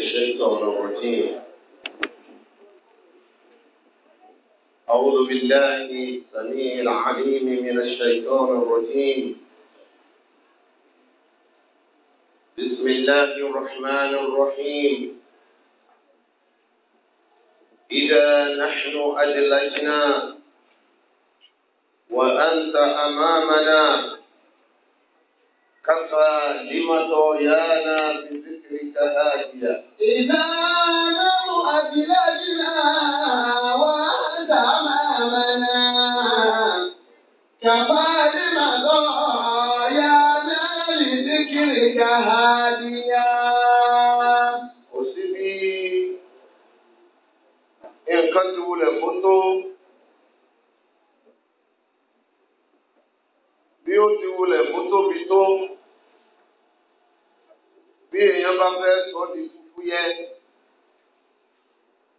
الشيطان الرجيم أعوذ بالله السميع العليم من الشيطان الرجيم بسم الله الرحمن الرحيم إذا نحن أدلجنا وأنت أمامنا كفى لما طغيانا بذكر إذا نرأت لجنا وأنت أمامنا كفى لمضايانا لذكرك هاديا nǹkan ti wulẹ̀ fún tó bí ó ti wulẹ̀ fún tóbi tó bí èèyàn bá fẹ́ sọ di fúfú yẹ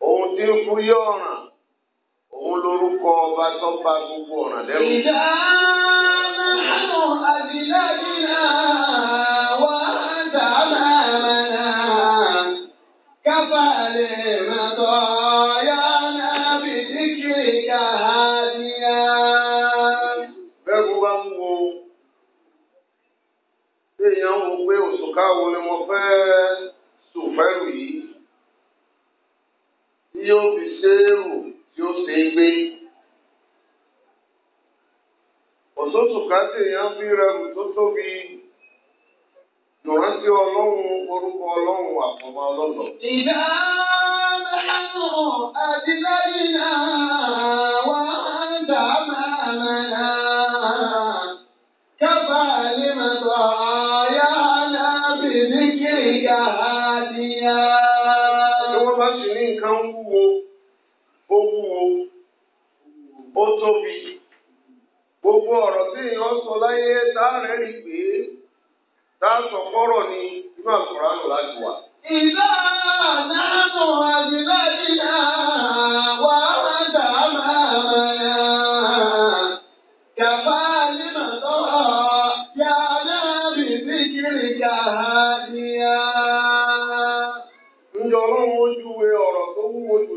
òun tí ń fú yẹ ọ̀ràn òun lórúkọ ọba tó bá gbogbo ọ̀ràn lẹ́rù. ìdáná àwọn àdìláàdì náà wà dàmà mẹ́ta kábàlẹ̀ mẹ́tọ́. èèyàn ń wo pé òṣùká wo ni mo fẹ́ sùn fẹ́rù yìí tí yóò fi ṣe é rù tí ó ṣe é gbé. òṣùṣùká tí èèyàn fi rẹrù tó tóbi ìrántí ọlọ́run orúkọ ọlọ́run àfọmọ ọlọ́lọ́. ìdá mẹ́rin àti lẹ́yìn náà wọ́n ń dá máa máa. ka wúwo ó otobi, gbogbo ọrọ tí èèyàn sọ láyé tá a rẹ̀ rí pé tá a sọ kọ́rọ̀ ni inú àkùránù láti wà. ìlànà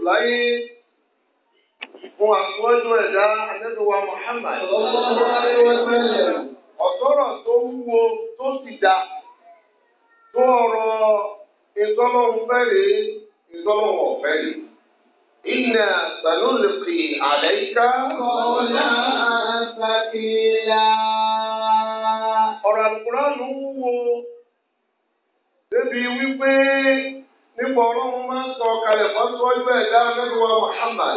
láyé fún àṣíwájú ẹ̀dá àdẹ́dùwà Muhammad. ọ̀sọ́rọ̀ tó wúwo tó sì dá tó ọ̀rọ̀ ìtọ́lọ́run fẹ́rẹ̀ ìtọ́lọ́run ọ̀fẹ́rẹ̀. Inna sanulqi alayka qawlan thaqila. Ọ̀rọ̀ àlùkùránù wúwo débi wípé nípa ọlọ́run máa ń sọ kalẹ̀ fọ́sọ́ ẹgbẹ́ ẹ̀dá mẹ́wàá Muhammad.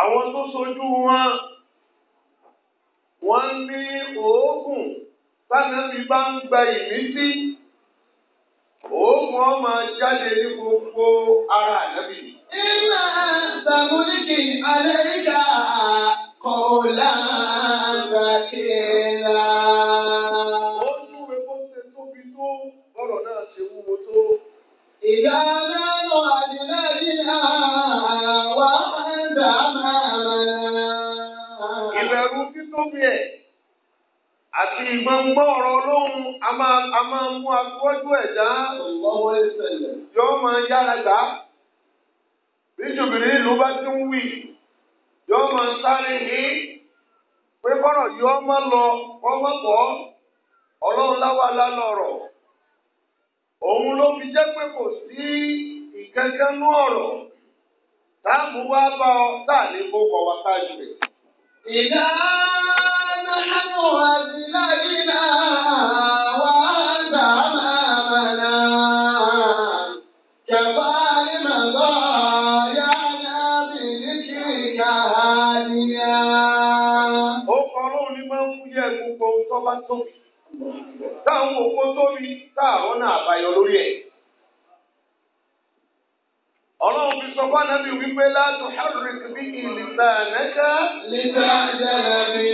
àwọn tó sojú wọn wọ́n ní òógùn sanabi bá ń gba ìmísí òógùn ọmọ jáde ní gbogbo ara ànábì. ìlà sàmúlìkì alẹ́ ìjà kọ̀ọ̀lá ń gbà kí ẹ. إذا نحن أجنبنا ẹ̀ àti ìgbọ̀ngbọ̀ ọ̀rọ̀ ọlọ́run a máa mú agbọ́jú ẹ̀dá yọ ma yára gbà á ìlú bá ti ń wì yọ sáré ní pé bọ́rọ̀ yọ lọ wọ́n pọ̀ ọlọ́run òun ló fi jẹ́ pé kò sí ìkankanú ọ̀rọ̀ táàmù wá bá ọ táàlé kókọ wa ṣáájú rẹ̀. ìdá nánú àtìláyìnà wà dà máa bàná kẹfà táwọn òkú tóbi táàrọ́ náà àbáyọ lórí ẹ̀. Ọlọ́run fi sọ fún Ànábì wípé látò hàrùrìkì bí ìlìta ẹ̀nẹ́ká. Líta ìjẹ́lẹ̀ mi.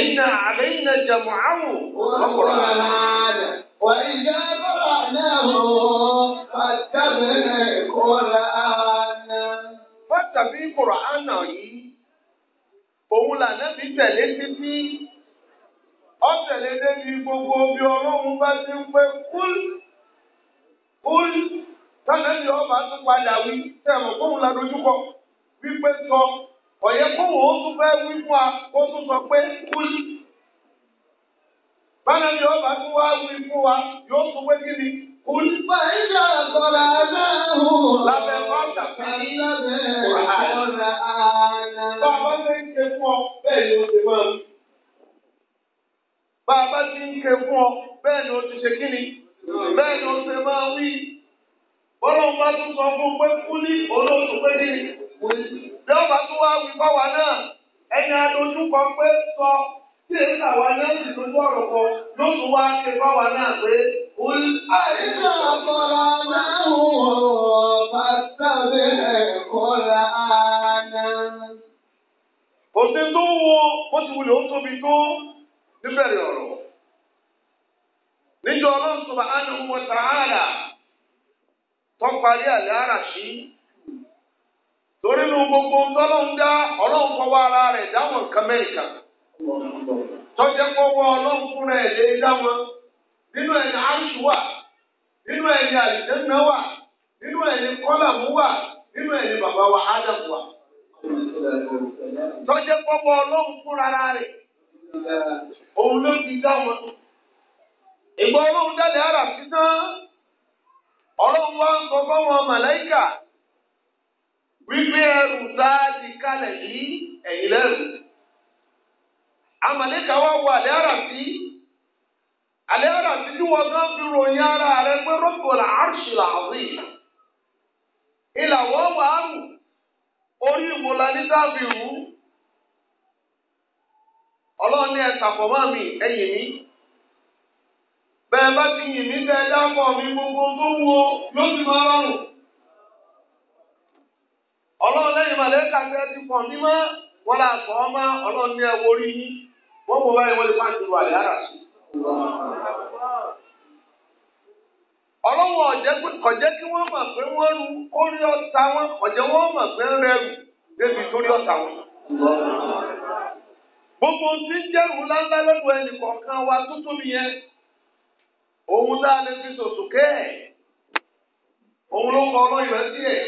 Iná àlẹ́ iná jẹ̀mú àrùn. Ọkùnrin àlàyé. Wà ìjà bọ́lá náà mọ̀ fàtàbẹ̀rẹ̀ kọ́ra àná. Fàtàbí kùrọ̀ àná yìí, òun na fi tẹ̀lé títí. ọ̀tẹ̀lé débi gbogbo bí ọlọ́run bá ti ń pé kúl kúl tọ́lẹ́lì ọba tún padà wí tẹ̀mọ̀ kóhun la dojúkọ wípé sọ ọ̀yẹ́ kóhun ó tún fẹ́ wí fún wa ó tún sọ pé kúl. Bánàlì ọba tún wá wí fún wa yóò tún pé kí ni kúl. Fàyíṣà sọ̀rọ̀ aláhùn. Lábẹ́ bọ́ọ̀tà fún mi. Lábẹ́ bọ́ọ̀tà àná. Bá a bá fẹ́ ṣe fún ọ, bẹ́ẹ̀ ni ó ti máa ń bá a bá ti ń ké fún ọ bẹ́ẹ̀ ni o ti ṣe kí ni bẹ́ẹ̀ ni o ṣe máa wí. bọ́lá ń bá tún sọ fún pé kú ní olóòtú pé ní lọ́ba tó wá wí báwa náà ẹni adójú kan pé sọ tí èyí làwa náà sì tó tó ọ̀rọ̀ kan ló tún wá ké báwa náà pé. Àìsàn àkọlà náà wọ̀ pàtàkì ẹ̀kọ́ la àná. Òsín tó ń wo bó ti wulẹ̀ ó tóbi tó. níbẹ̀rẹ̀ ọ̀rọ̀ níjọ ọlọ́run subhanahu wa ta'ala tó parí àlẹ́ gbogbo tọ́lọ́run dá ara dáwọn nínú ẹ̀yìn àrùsù nínú ẹ̀yìn àlìjẹ́nà wà nínú ẹ̀yìn kọ́làmù nínú ẹ̀yìn wa Òun ló ti dá wọn. Ìgbà ọlọ́run jáde ara títán. Ọlọ́run wá ń sọ fọ́wọn màláìkà. Wípé ẹrù tá a kalẹ̀ yìí ẹ̀yìn lẹ́rù. Àmàlẹ́kà wá wọ àlẹ́ ara sí. ara sí tí wọ́n gán fi ròyìn ara rẹ pé rọ́pòlà àrùsùlà Ìlà wọ́n ọlọ́ọ̀ni ní ẹ̀sàpọ̀ mọ́ mi ẹ̀yìn mi bẹ́ẹ̀ bá ti yìn mí bẹ́ẹ̀ gbogbo tó wu o yóò máa rọrùn ti pọ̀ mí mọ́ là ọ́ mọ́ ní ẹ̀wọ̀ yín wọ́n mú báyìí wọ́n lè má ti lu ara gbogbo tí ń jẹ́rù ńláńlá lọ́dọ̀ ẹnì kọ̀ọ̀kan wa tó tóbi yẹn òun tá a lè fi sòsòkè ẹ̀ òun ló kọ ọlọ́ ìwé sí ẹ̀.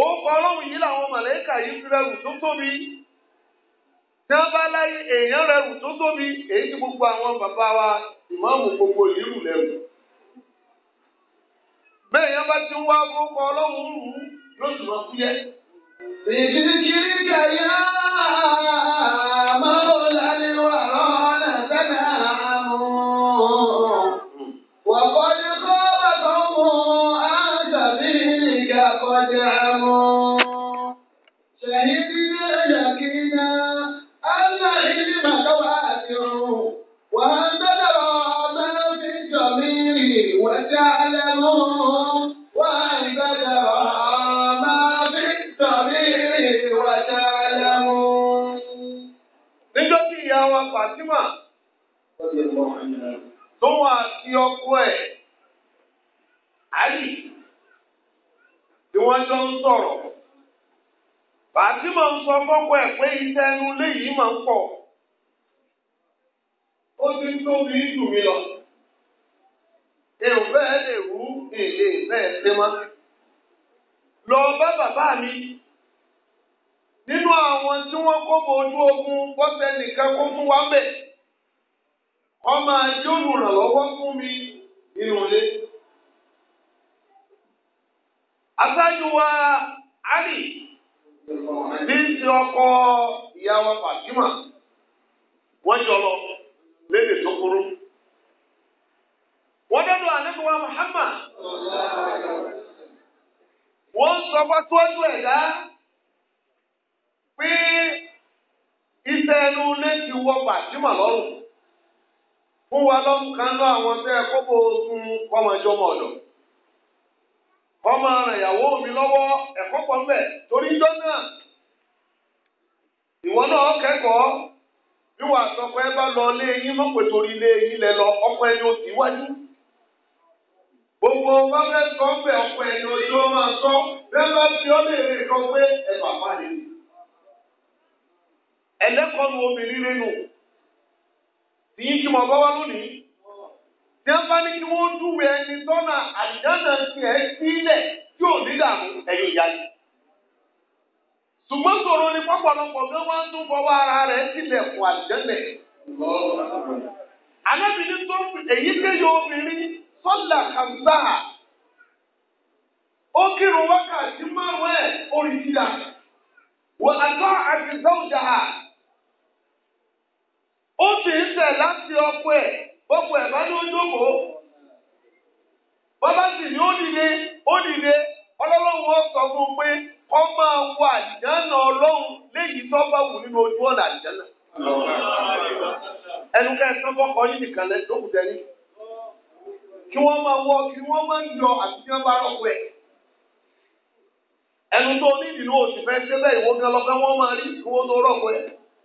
òun kọ ọlọ́run yìí làwọn màlẹ́kà yìí fi rẹrù tó tóbi tí wọ́n bá láyé èèyàn rẹrù tó tóbi èyí tí gbogbo àwọn bàbá wa ìmáàmù gbogbo ìlú lẹ́rù. bẹ́ẹ̀ yẹn bá ti ń wá orúkọ ọlọ́run rù lóṣù lọ بذكرك يا Fátímà tóun àti ọkọ ẹ̀ Àlì tí wọ́n jọ ń sọ̀rọ̀ Fátímà ń sọ fọ́kọ ẹ̀ pé iṣẹ́ ẹnu léyìí máa ń pọ̀ ó ti ń tóbi jù mí lọ èrò bẹ́ẹ̀ lè rú èlé bẹ́ẹ̀ ṣe mọ́ lọ bá bàbá mi. nínú àwọn tí wọn kó mọ ojú ogun bọ́sẹ̀ nìkan kó fún wa bẹ̀ wọ́n máa jó olùrànlọ́wọ́ fún mi nínú ilé. aṣáájú wa Ali ní ti ọkọ ìyá wa Fatima wọ́n jọ lọ lédè tó kúrú. wọ́n dọ́dọ̀ àlejò wa Muhammad wọ́n sọ fún aṣáájú ẹ̀dá. bí iṣẹ́ ẹnu ilé ti wọ gbàjímọ̀ lọ́rùn fún wa lọ́nkánú àwọn tẹ́ kóbó sun kọ́mọjọ́mọ ọ̀dọ̀ kọ́mọ rẹ̀ ìyàwó mi lọ́wọ́ ẹ̀kọ́ pọ̀ torí jọ́ náà ìwọ náà kẹ́kọ̀ọ́ bí wàá sọ bá lọ ilé yín mọ̀pẹ̀ torí lọ ọkọ ẹni gbogbo bá ẹ ẹlẹ́kọ̀ọ́ nu obìnrin nínú tí yín kí mo bá lónìí. Tí wọ́n bá ní kí wọ́n dúwe ẹni tọ́nà àdìdánà tiẹ̀ sílẹ̀ tí ò ní ẹ̀yọ̀ Ṣùgbọ́n sọ̀rọ̀ ni pọ́pọ̀lọpọ̀ bí wọ́n tún ara rẹ̀ sílẹ̀ fún àdìdánà. Anábìrin tó obìnrin sọ́là kàmsá. Ó kírun wákàtí márùn-ún ẹ̀ orí o sì ń lati láti ọkọ ẹ̀ ọkọ ẹ̀ bá ní ó jókòó bàbá sì ní ó dìde ọlọ́lọ́run ó sọ fún un pé kọ́ máa wọ àdìjánà ọlọ́run léyìí tó bá wù nínú ojú ọ̀nà àdìjánà. ẹnu kẹsàn kọ́kọ́ yìí nìkan tó kù kí wọ́n máa wọ kí wọ́n máa ń yọ bá rọ̀kọ̀ ẹ̀. ẹnu tó ní ìdìlú òṣìfẹ́ ṣẹlẹ̀ ìwọ́gán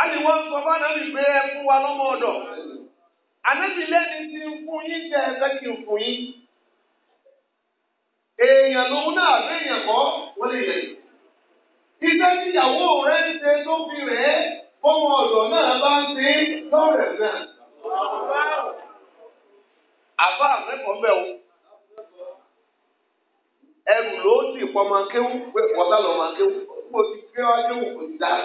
àbí wọ́n sọ bá náà lè gbé ẹ fún wa lọ́mọ ọ̀dọ̀ ànábì lẹ́ni tí ń fún yín jẹ́ ẹgbẹ́ kí n fún yín èèyàn lòun náà léèyàn kọ́ wọ́n lè rẹ̀ iṣẹ́ tíyàwó rẹ̀ ń ṣe tó fi rẹ̀ fọmọ ọ̀dọ̀ náà bá ń ṣe lọ́rẹ̀ náà àbá àmẹ́kọ̀ọ́ bẹ̀ o ẹrù ló ti pọ̀ máa kéwú pé wọ́tá lọ́ máa kéwú kó o ti gbé wá kéwú ti dáa.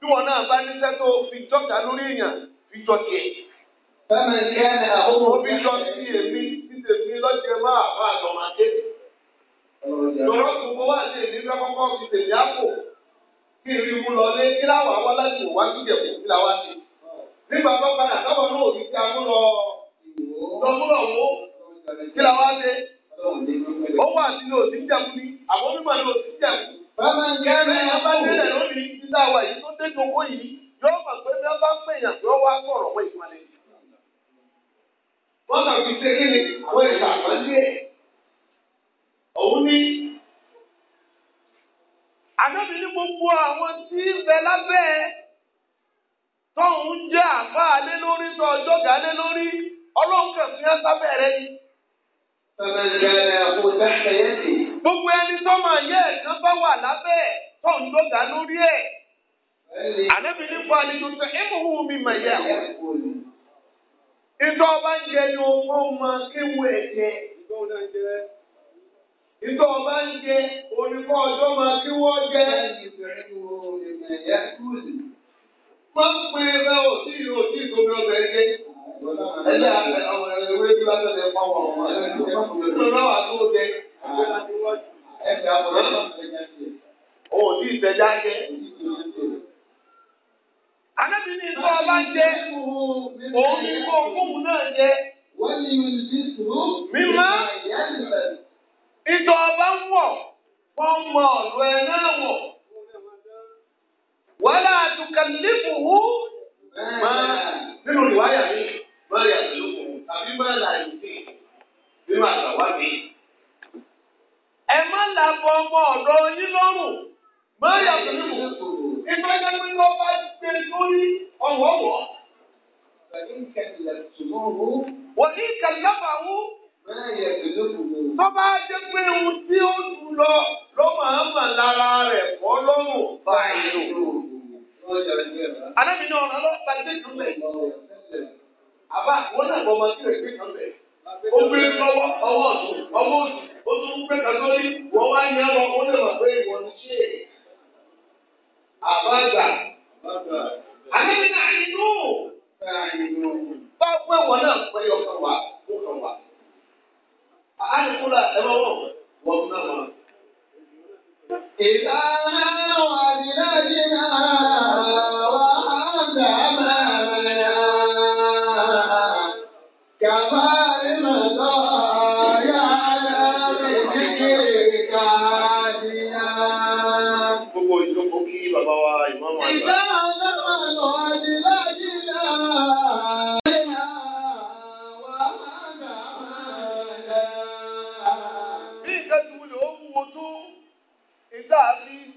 bí wọn náà bá ní sẹ́tọ̀ fi jọ́ta lórí èèyàn fi jọ tiẹ̀. Bẹ́ẹ̀ni kí ẹni àwọn ọmọ fi jọ sí èmi sí tèmi lọ́jọ́ máa bá àjọmọ̀dé. Lọ́rọ́ gbogbo wà ní èmi fẹ́ kọ́kọ́ fi tèmi àpò. Kí ìrì mú lọ lé kí láwọn àwọn láti wá síjẹ̀ fún kí làwọn ti. Nígbà tó padà sọ́kọ̀ náà òbí ti amúlọ lọ́múlọ̀ wó kí làwọn ti. Ó wà sínú òsì jẹ̀kú ni, àwọn mímọ̀ ni òsì jẹ̀kú. ẹni abájẹ́lẹ̀ lórí ìdílé wa yìí tó dé gbogbo yìí yóò mọ̀ pé bí wọ́n bá pèèyàn yóò wá sọ̀rọ̀ wọ́n ìwọlé. wọ́n kàn fi ṣe kí ni àwọn ìgbà ẹ̀. òun ní. àdébí ní gbogbo àwọn tí ń bẹ lábẹ́ tọ́hún jẹ́ àfa lórí ọjọ́ gà lórí ọlọ́run sábẹ́ rẹ gbogbo ẹni tọ́mọ ayé ẹ̀kan bá wà lábẹ́ ẹ̀ tó ń lọ́gàá lórí ẹ̀. ànábì nípa mi mà yà wọ́n. ọba ń jẹ ni ọmọ ọmọ kéwù ẹ̀jẹ̀. ìjọ ọba ń jẹ oníkọ́ ọjọ́ máa kíwọ́ ọjẹ́. pè é bá òsì òsì ìtòmí ọbẹ̀ Òun ní ìtẹ̀já jẹ́. Anábì ní ìtọ́ ọba jẹ́. Òun ní kó fóun náà jẹ́. Mímọ́. Ìtọ́ ọba ń wọ̀. Wọ́n mọ ọ̀rọ̀ ẹ náà wọ̀. Wàhálà àtùkàlẹ́fù wú. Nínú ìwáyà mi, máa yà sí lókun. Tàbí máa là ìsìn. Nínú àgbà wá mi ẹ má làbọ̀ ọmọ ọ̀dọ́ yín lọ́rùn má yàtọ̀ nínú ìfẹ́jẹ́ pé wọ́n bá gbé lórí ọ̀wọ́wọ́. wọ́n ní kàlẹ́bà wú. tó bá jẹ́ pé ohun tí ó jù lọ ló máa ń mà lára rẹ̀ kọ́ lọ́rùn báyìí lò. alábìínú ọ̀rọ̀ ọlọ́pàá ti dùn mẹ́. àbá wọn náà bọ́ ọmọ sí rẹ̀ gbé kan bẹ̀ ó gbé ọwọ́ ọwọ́ ọ̀tún ọwọ́ òsì ó tún gbé kàtọ́lì wọ́n wá ní ọmọ ó lè wà pé ìwọ ní ṣe é. àbáàgbà àlejò náà inú bá pé wọn náà pé ọkàn wà ó kàn wà. àádìkúlà ẹ̀rọ wọn wọn náà wà. ìlànà wà nílẹ̀.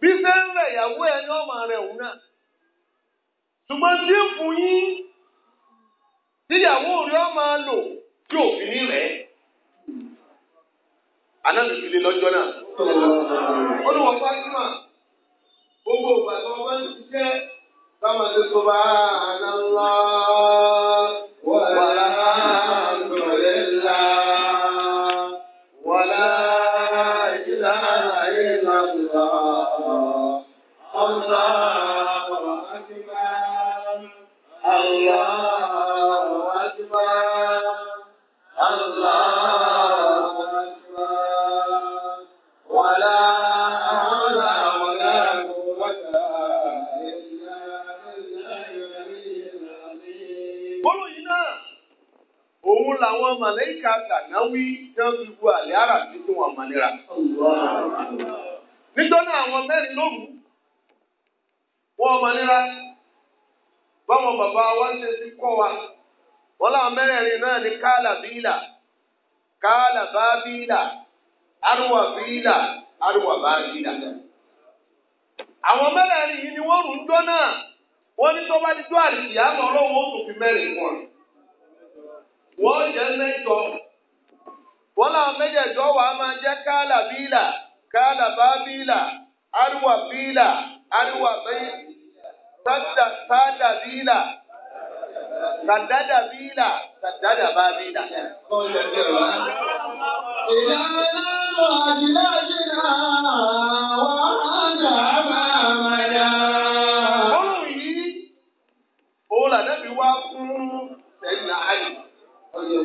bí ṣe ń rẹ̀ ìyàwó ẹ ní ọmọ rẹ̀ òun náà ṣùgbọ́n tí ń fún yín tíyàwó rẹ̀ ọmọ lò tí òfin rẹ̀ anáàlùfilé lọ́jọ́ náà ó ní wọ́n fájúmọ̀ gbogbo ìgbà tí wọ́n bá ń ṣiṣẹ́ bá máa ṣe sọ bá àná ńlá. àlùkìyà mọ ọlọ́wọ́ tó fi mẹ́rin wọn. Wọ́n jẹ́ mẹ́jọ. Wọ́n làwọn mẹ́jẹ̀jọ wà á máa jẹ́ káàlà bíìlà, káàlà bá bíìlà, àríwá bíìlà, àríwá bẹ́ẹ̀, sádà bíìlà, sàdádà bíìlà, sàdádà bá bíìlà. Ìyá aláwọ̀ àdìlá ṣe náà.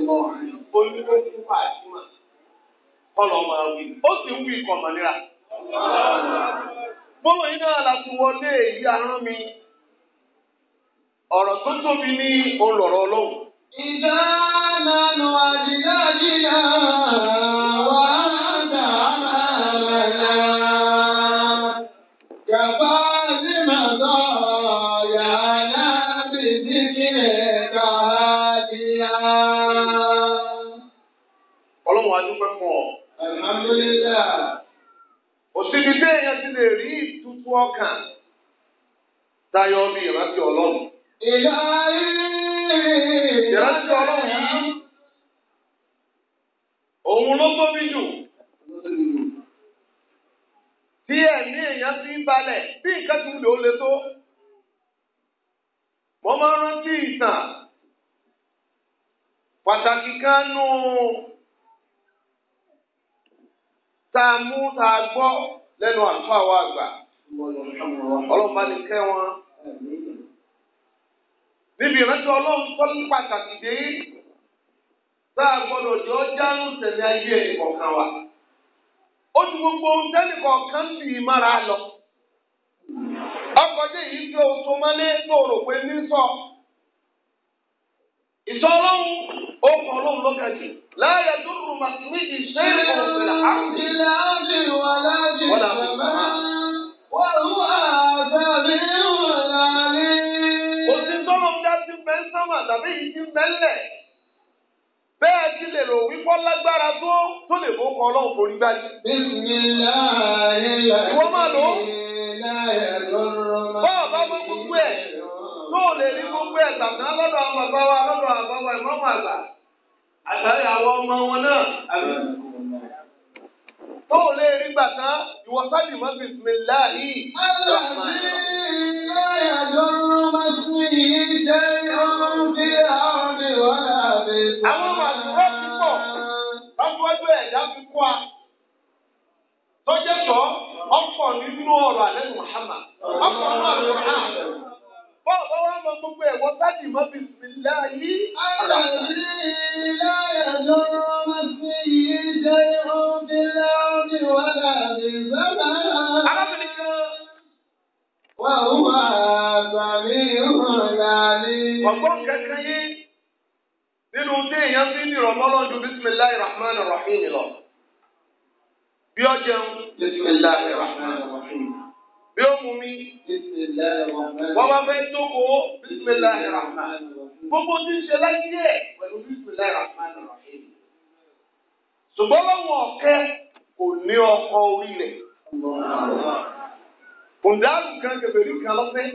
onídìbò ti fà á sí mà kọlọ máa wí ó sì ń wí ìkọ̀ mọ̀nira. bọ́lọ̀ yìí náà láti wọlé èyí arán síbi tí èèyàn ti lè rí ìtutù ọkàn tayọ bí ìrántí ọlọ́run. ìrántí ọlọ́run yìí òun ló tóbi jù tí ẹ̀mí èèyàn ti ń balẹ̀ bí nǹkan ti lò ó le tó. mo máa ń rántí ìtàn pàtàkì kan nù tá a mú tá a gbọ́. Lenu àfa awa àgbà ọlọ́run ní wọn. níbi ìrántí ọlọ́run tó ní pàtàkì dé a jọ jáánù tẹ̀lé ayé ẹnìkọ̀ọ̀kan wa. ó gbogbo ohun tẹ́nìkọ̀ọ̀kan sì mára lọ. ọkọ̀ jẹ́ èyí tó o tó rò pé ní orúkọ ọlọ́run lọ́kàn jù láyà tó rù màtìmí ìṣe ìfọ̀nfẹ̀lá àti láàbì wà láàbì bàbá wà wà tàbí wà lálẹ́. kò sí tọ́lọ̀ ń dá sí bẹ́ńsámà tàbí yìí sí bẹ́ńlẹ̀ bẹ́ẹ̀ ti lè rò wípọ́ lágbára tó tó lè mú kọ́ ọlọ́run forí gbájú. ìwọ máa lò ó. bọ́ọ̀ bá gbọ́ gbogbo ẹ̀ tó lè rí gbogbo ẹ̀ tàbí lọ́dọ̀ àwọn bàbá wa lọ́dọ̀ àwọn bàbá ìmọ̀ọ́mọ̀ àgbà àtàrí àwọn ọmọ wọn náà àbí. tó o lè rí gbà tán ìwọ sábì mọ́ bisimilahi. àwọn màdúrà ti pọ̀ lọ́wọ́dún ẹ̀dá fi kú wa. tọ́jẹ́ tọ́ ọ̀pọ̀ nínú ọ̀rọ̀ àlẹ́ Muhammad ọ̀pọ̀ nínú àlẹ́ Muhammad. Bọ́ọ̀lù wa mọ gbogbo ẹ̀wọ́ sáàdì mọ́ bìsìmílá yìí. Àlàyé láyà lọ́rọ́ máa ṣe iye jẹ́ oúnjẹ láàbí wà láàbí sábà. Arábìnrin kan. Wà ó wà àgbàmí ìhùnà ní. Ọ̀gbọ́n kankan yé nínú tí èèyàn fi ní ìrọ̀mọ́lọ́ ju bísímílá ìràhmánì ràhìn lọ. Bí ọ jẹun. Bísímílá ìràhmánì ràhìn bí ó mú mi. wọ́n bá fẹ́ jókòó bisimilahi rahman. gbogbo tí ń ṣe láyé ẹ̀ pẹ̀lú bisimilahi rahman rahim. ṣùgbọ́n lọ́wọ́ ọ̀kẹ́ kò ní ọkọ̀ orí rẹ̀. kùndàlù kan kẹfẹ́lú kan lọ́fẹ́.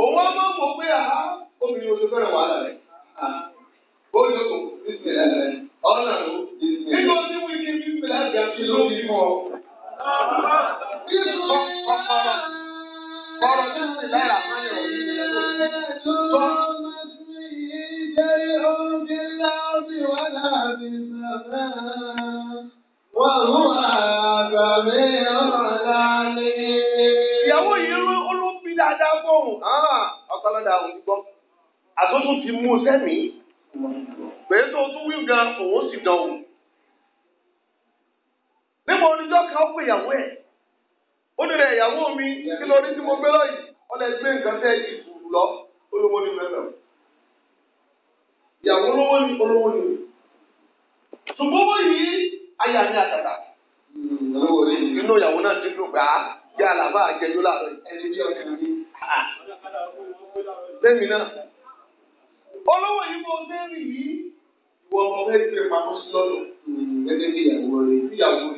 òun á máa mọ̀ pé àá obìnrin oṣù fẹ́rẹ̀ wàhálà rẹ̀. ó yọ kò bisimilahi rẹ̀ ọ̀nà ló. nínú oníwìkì bisimilahi kí ló ń bọ̀ ọ̀pọ̀lọ̀ ọ̀rọ̀ tó sì láyà àmàlẹ̀ òní ìlẹ̀ tó sọ. Ìyàwó yìí ó ló ń bí dáadáa fóun. Ah, Ọ̀pọ̀lọ́dà òun ti gbọ́. Àtúntò ti mú sẹ́mi. Pèé tó tún wí gan, òun sì dán òun. oníjọ́ kan ó pè ìyàwó ẹ̀ ó ní rẹ̀ ìyàwó mi kí ló rí tí mo gbé lọ́yìí wọ́n lè gbé nǹkan tẹ́ ẹ̀jì fùrù lọ olówó ni mẹ́fẹ̀. ìyàwó olówó ni olówó ni. ṣùgbọ́n wọ́n yí aya ní àtàtà. inú ìyàwó náà ti dùn gbà á yá àlàbà àjẹjọ́ láàrin ẹni tí ọ̀kẹ́ mi. Ah. lẹ́mi náà olówó yìí mo dé rí yìí ìwọ ọmọ fẹ́ẹ́ tẹ̀ pamọ́ sí lọ́dọ̀ hmm, gẹ́gẹ́ bí ìyàwó rẹ̀.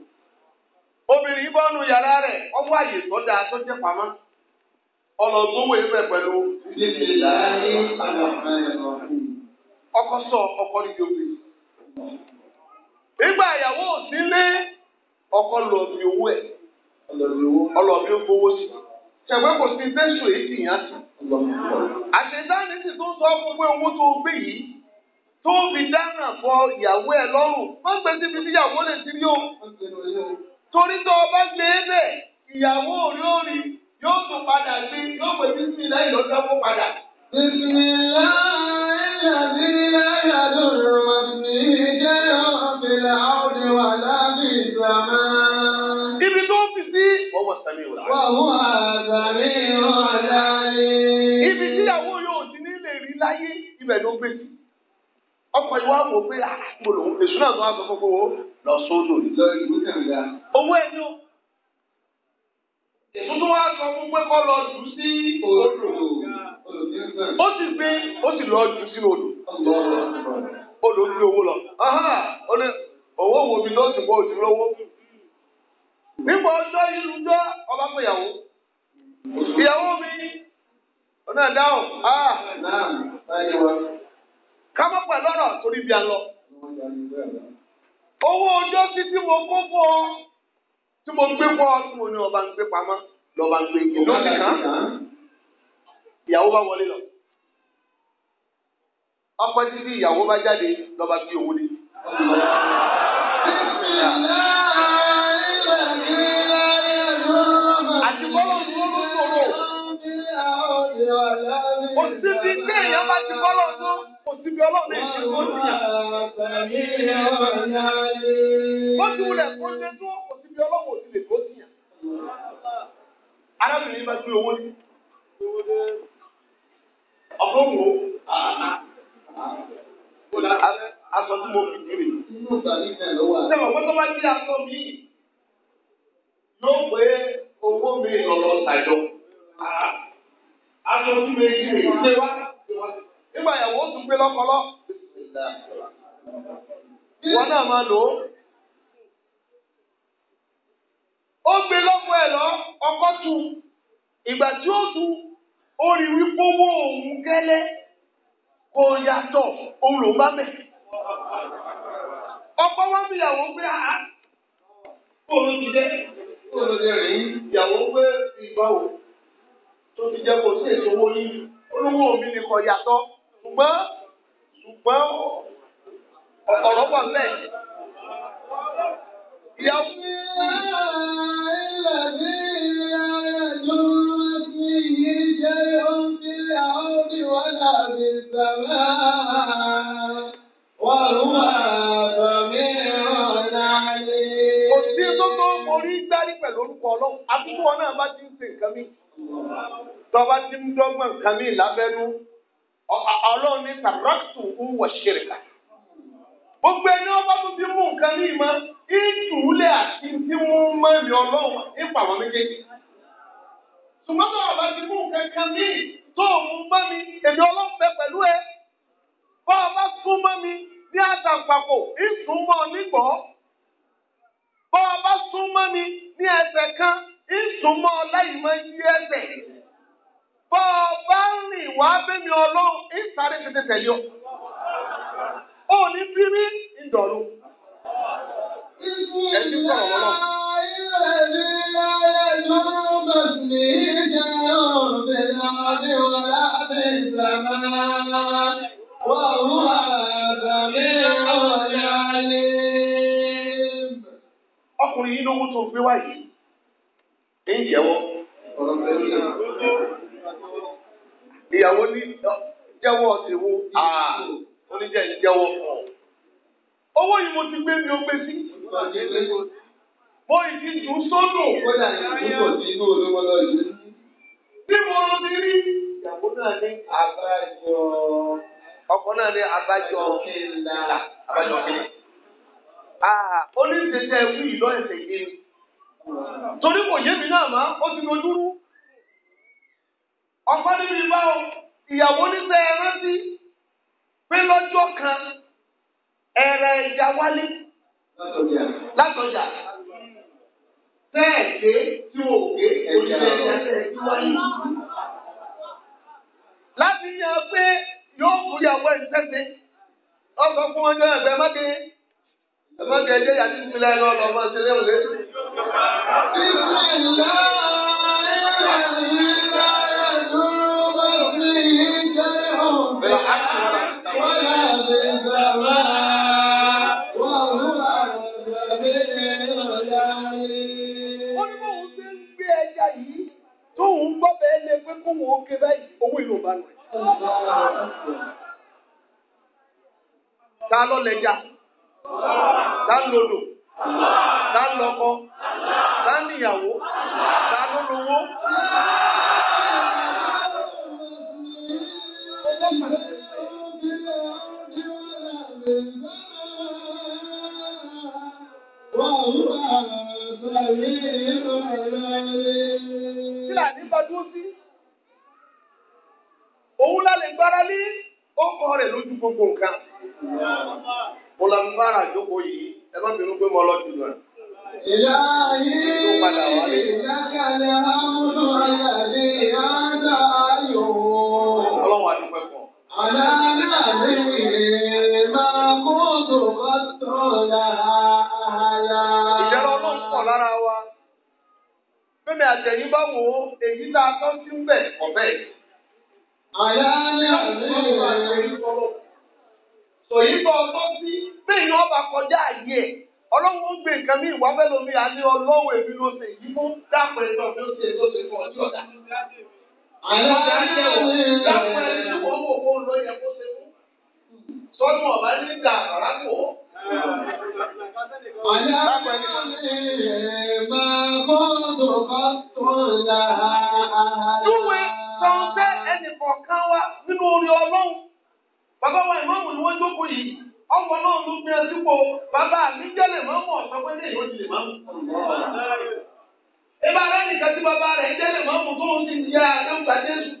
obìnrin bọ́ọ̀nù yàrá rẹ̀ ọwọ́ àyè tó dáa tó jẹ́ pamọ́ ọlọ́gbọ́wọ́ ẹgbẹ́ pẹ̀lú. ọkọ sọ ọkọ níbi obìnrin. nígbà ìyàwó ọkọ lọ́ọ̀bì owó ẹ̀ ọlọ́ọ̀bì owó sí. ṣẹ̀gbẹ́ kò sí bẹ́sù èyí yàn sí. àṣetáni sì tún sọ owó tó gbé yìí tó fi dáná fọ ìyàwó ẹ lọ́rùn gbé síbi tí ìyàwó lè torí tó o bá gbé e bẹ̀ ìyàwó òrí òrí yóò tún padà gbé yóò pè mí sí lẹ́yìn lọ́jọ́ kó padà. Bismillahi yadurru masni jẹ́yọ̀ bìlà òde wà lábì ìgbàmá. Ibi tó fi sí. Wọ́n wọ sami ìwà. Wọ́n wọ àgbàmí ọ̀dà ni. Ibi tíyàwó yóò ti ní lè rí láyé ibẹ̀ ló gbé sí. Ọkọ ìwà wò pé àpò ah, lòun èṣù náà tó wá sọ lọ sódò ní. owó ẹni o. ètùtù wa sọ fún pé kó lọ jù sí odò. ó sì gbé ó sì lọ jù sí odò. odò ń lé owó lọ. owó wo mi ló ti bọ́ òsì lówó. nípa ọjọ́ ìlú jọ ọba pé ìyàwó. ìyàwó mi ọ̀nà dáhùn. Ah! ká má pẹ̀lú ọ̀rọ̀ torí bí a lọ owó ọjọ́ sí tí mo kó fún ọ tí mo gbé fún ọ tí mo ní ọba ń gbé pamọ́ lọ́ba ń gbé ìlú nìkan ìyàwó bá wọlé lọ ọkọ títí ìyàwó bá jáde lọ́ba bí owó ni. àti bọ́lá ń bọ́ ló sọ̀rọ̀ òsì bíi kéèyàn bá ti bọ́lá ń sọ̀rọ̀ síbi ọlọ́run èyí tó ti yà. Bó ti wulẹ̀ kó lé tó kò síbi ọlọ́run òsì lè tó ti yà. Arábìnrin yìí bá gbé owó ní. Ọ̀gbọ́n wo? Aṣọ tí mo fi kiri. Sẹ́wọ̀n pé tó bá jí aṣọ mi yóò pé owó mi lọ́lọ́ ṣàjọ. Aṣọ tí mo kiri nígbà yẹn wọ́n tún gbé lọ́kọ́lọ́. Wọ́n náà máa lò ó. Ó gbé lọ́kọ́ ẹ̀ lọ, ọkọ tu. Ìgbà tí ó tu, ó rí wípé owó òun gẹ́lẹ́ kò yàtọ̀ òun ló bá bẹ̀. Ọkọ wá bí ìyàwó gbé àá. Ah, ah. Bóòlù ti dẹ́. Bóòlù ti rìn yín. Ìyàwó gbé ìgbà wò. Tó ti jẹ́ kò sí èso owó yín. Olówó mi ni kò yàtọ̀ ṣùgbọ́n ṣùgbọ́n ọ̀rọ̀ wà mẹ́. Ìyá fún ilẹ̀ ní ayé tó rántí yìí jẹ́ omi àwọn oníwọ̀n náà lè sàmà. Wàhùn àbàmí ọ̀nà lè. Kò sí tó tó orí gbárí pẹ̀lú orúkọ ọlọ́run. Àbúkú wọn náà bá ti ń ṣe nǹkan mi. Tọ́ba ti ń dọ́gbọ̀n nǹkan mi lábẹ́nú ọlọ́run ní tàrọ́tù ń wọ̀ ṣèrìkà. gbogbo ẹni ọba tó ti mú nǹkan ní ìmọ̀ ìtúlẹ̀ àti tí mú mẹ́rin ọlọ́run nípa àwọn méjèèjì. ṣùgbọ́n tó ọba ti mú nǹkan kan ní tó mú mẹ́mi èmi ọlọ́run fẹ́ pẹ̀lú ẹ. bá a bá sún mẹ́mi ní àtàǹpàkò ìsúnmọ́ nígbọ́. bá a bá sún mẹ́mi ní ẹsẹ̀ kan ìsúnmọ́ láì mọ iye ẹsẹ̀ bọ́ ọ bá ń rìn wá bẹ́mi ọlọ́run ìsáré tètè tẹ̀lé ọ. ó ní bí rí ìdọ̀lú. ẹni sọ̀rọ̀ wọ́n lọ. وهو سميع ọkùnrin yìí ló mú tó gbé wáyé ń yẹwọ ìyàwó ní jẹ́wọ́ ti ah. oníjẹ́ ń jẹ́wọ́ fún ọ. owó yìí mo ti gbé mi ó gbé sí. mo ìdí jù sódò. kódà ní kò tí inú olówó lọ yìí. bí mo lọ ti rí. ìyàwó náà ní abájọ. ọkọ náà ní abájọ kìlà. abájọ kìlà. Ah, oníṣẹ́jẹ́ wí ìlọ ẹ̀sẹ̀ yìí. Ah. torí kò yé mi náà má ó ti lójú rú ọ̀pọ̀ nínú ìbá o ìyàwó nígbà ẹrántí pé lọ́jọ́ kan ẹ̀rẹ̀ ìjà wálé látọjà tẹ́ẹ̀dé tí o gé oníṣẹ́ ẹ̀ṣẹ̀ tí wáyé. láti yan pé yóò fún ìyàwó ẹ̀ sẹ́sẹ́ ọkọ̀ fún ọjọ́ ẹ̀gbẹ́ mọ́tẹ́ ẹ̀mọ́tẹ́ ẹ̀jẹ̀ yàtí ìpínlẹ̀ lọ́lọ́ ọmọ ṣẹlẹ̀ òde. ìpínlẹ̀ ìlà ẹ̀rọ. gbọ́ bẹ́ẹ̀ lé pé kó wọ́n ké báyìí owó ìlú bá rẹ̀. ta ló lẹ́jà ta ń lodò ta ń lọ́kọ ta ń níyàwó ta ló lówó. وهو سميع عليم tí là ní gbadú sí. Òun la gbára lé ọkọ rẹ̀ lójú gbogbo nǹkan. Mo la ń bára àjókò yìí, ẹ má bínú pé mo lọ lọ. Ìyá yìí ìdákàlẹ̀ àmúlò ayàdé ìyáńdà ayò. Ọlọ́run àdúpẹ́ pọ̀. Àlá náà ní ìrìn máa kó tòkọ́tò lára. Ìjẹ́rọ ọlọ́run pọ̀ lára wa. Fẹ́mi àtẹ̀yìn bá wò ó, èyí tá a tán sí ń bẹ̀ kọ̀ bẹ́ẹ̀. Àyà ni àtúntò àtẹ̀yìn tọ́lọ̀. Sòyí bọ́ ọtọ́ sí bẹ́ẹ̀ ni wọ́n bá kọjá àyè ẹ̀. Ọlọ́run ó gbé nǹkan míì wá fẹ́ lómi àní ọlọ́wọ̀ èmi ló ṣe yí fún dápẹ́ ìtọ́ mi ó ṣe ló ṣe fún ọjọ́ ọ̀dà. Àyà ni àtẹ̀yìn tọ́lọ̀. Dápẹ́ ìtọ́ mi ó ṣe tọ́nù ọ̀bá nígbà àràkò. Àyà lè máa bọ́dọ̀ bá tọ́lá. Túwe sọ̀tẹ́ ẹnìkọ̀ọ̀kan wa nínú orí ọlọ́run. Bàbá wa ìmọ̀mù ni wọ́n jókòó yìí. Ọ̀pọ̀ náà ló gbé sípò bàbá mi jẹ́lẹ̀ mọ́mọ́ ọ̀sán pé ní èyí ó ti lè mọ́mù. Ìbára ẹnìkan tí bàbá rẹ̀ jẹ́lẹ̀ mọ́mù tó ń ti di àdéhùn gbàdéhùn.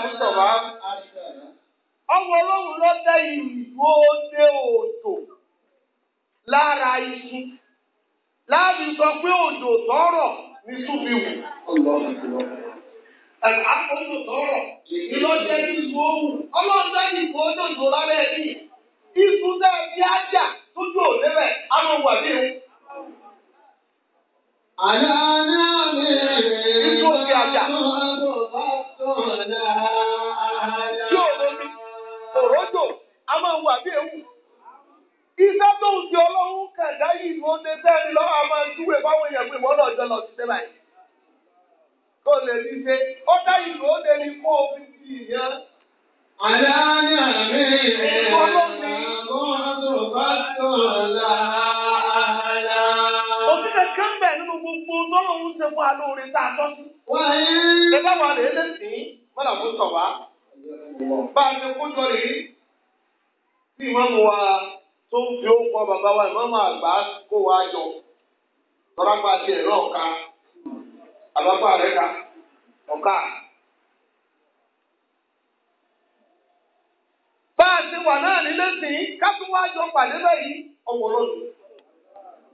Mùsọ̀lá. Ọmọ ọlọ́run ló dá ìrìbó dé lára Láàbí sọ pé òjò tọrọ ní Súbìwù. Àkójò tọrọ ìlọ́jẹ́ ìlú òwù. Ọlọ́run dá ìrìbó òjò lára ẹ̀mí. Iṣu náà bí ájà tójú wà bí o. Tí ò lómi, a máa wà bí ewu. Iṣẹ́ tó ń ṣe ọlọ́run kẹ̀dá yìí ló dé sẹ́ni lọ, a máa júwe báwọn èèyàn pé wọ́n lọ́jọ́ lọ sí yìí. Kò lè rí ṣe, ó dá ìlú dé ní kó o fi ti kankan bẹ̀ nínú gbogbo tọ́lọ́hún ṣe fún alóore tá a tọ́ sí. ẹ bá wà lè mọ́nà kó tọ̀ wá. bá a ṣe kójọ rèé tí ìmọ̀mù wa tó ń fi ó pọ̀ bàbá wa ìmọ̀mù àgbà kó wa jọ. tọ́lá tiẹ̀ náà ká rẹ̀ ká ọ̀ká. bá a ṣe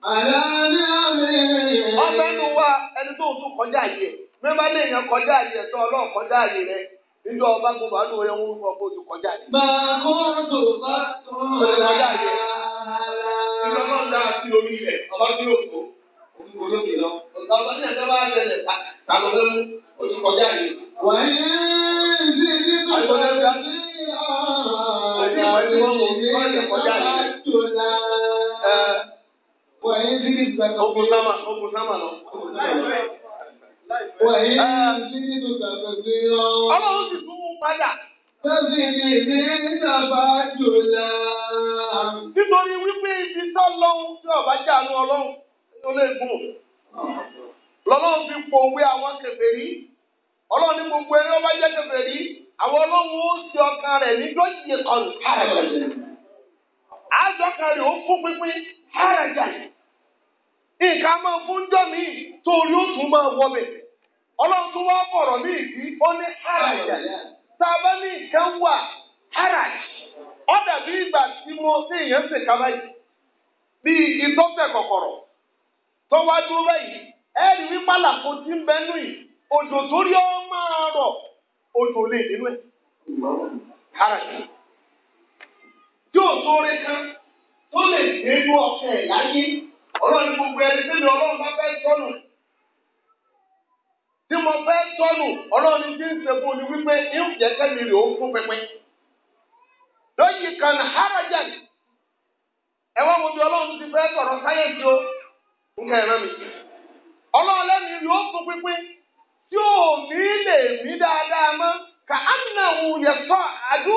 ala nu wa ẹni tó tún kọjá yìí ẹ̀ mẹ́fà lè yàn kọjá yìí ẹ̀ tọ́ ọlọ́ọ̀ kọjá yìí rẹ, níjọ ọba gbogbo àánú rẹ̀ wọ́n fọ́ kó kọjá yìí. tó bá tó kọjá yìí náà dá sí ọba tí yóò kó lọ ọba tí ta ló kọjá yìí. yẹ ṣe Wẹ̀yìn sí ní ìgbàgbọ́. Ogun sámà, ogun sámà lọ. Wẹ̀yìn sí ní ìgbàgbọ́ sí ọ. Ọlọ́run sì tún mú padà. Lọ́sì ni ìdí nígbà bá jòlá. Nítorí wípé ibi tó lọ́hún tí ọ̀bá jàánú ọlọ́run ló lè gùn. Lọ́lọ́run fi pòwe àwọn kèfèrí. Ọlọ́run ní gbogbo ẹni ọba jẹ́ kèfèrí. Àwọn ọlọ́run ó ṣe ọkàn rẹ̀ ní dọ́jì kan. Àjọkàn rẹ̀ ó fún pínpín. Hẹ́rẹ̀ jẹ̀. nǹkan máa fún jọ́ mi torí ó tún máa wọ mi ọlọ́run tún wá ní ìdí ó ní tá dàbí ìgbà tí mo ní èèyàn ṣe ká báyìí bíi ìtọ́sẹ̀ kọ̀kọ̀rọ̀ tó wá dúró báyìí ẹ̀rí wípé àlàfo ti ń torí máa rọ̀ òjò lè nínú ẹ̀ yóò tó kan tó lè dé inú ọlọ́run gbogbo ẹni tí mi ọlọ́run bá fẹ́ sọnù tí mo fẹ́ sọnù ọlọ́run ti ń ni wípé ìjẹ́kẹ́ mi rè pínpín kan o nǹkan ẹ̀rọ mi ọlọ́run lẹ́nu rè pínpín tí ò ní lè mí dáadáa mọ́ kà á sọ àdú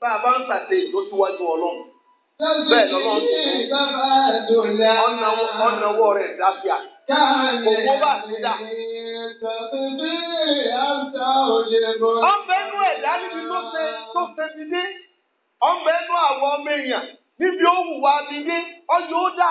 bá a bá ń sàṣe tó síwájú ọlọ́run. Bẹ́ẹ̀ lọ́lọ́run rẹ̀ Òwò bá ti dà. Ọ̀bẹ inú tó ṣe tó ṣe ti dé. Ọ̀bẹ inú ọmọ èèyàn níbi ọjà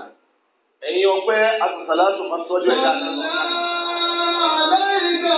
ẹ̀yin ọpẹ́ àtúntàlá tó máa tọ́jú ẹ̀dá. ọ̀la ẹ̀ka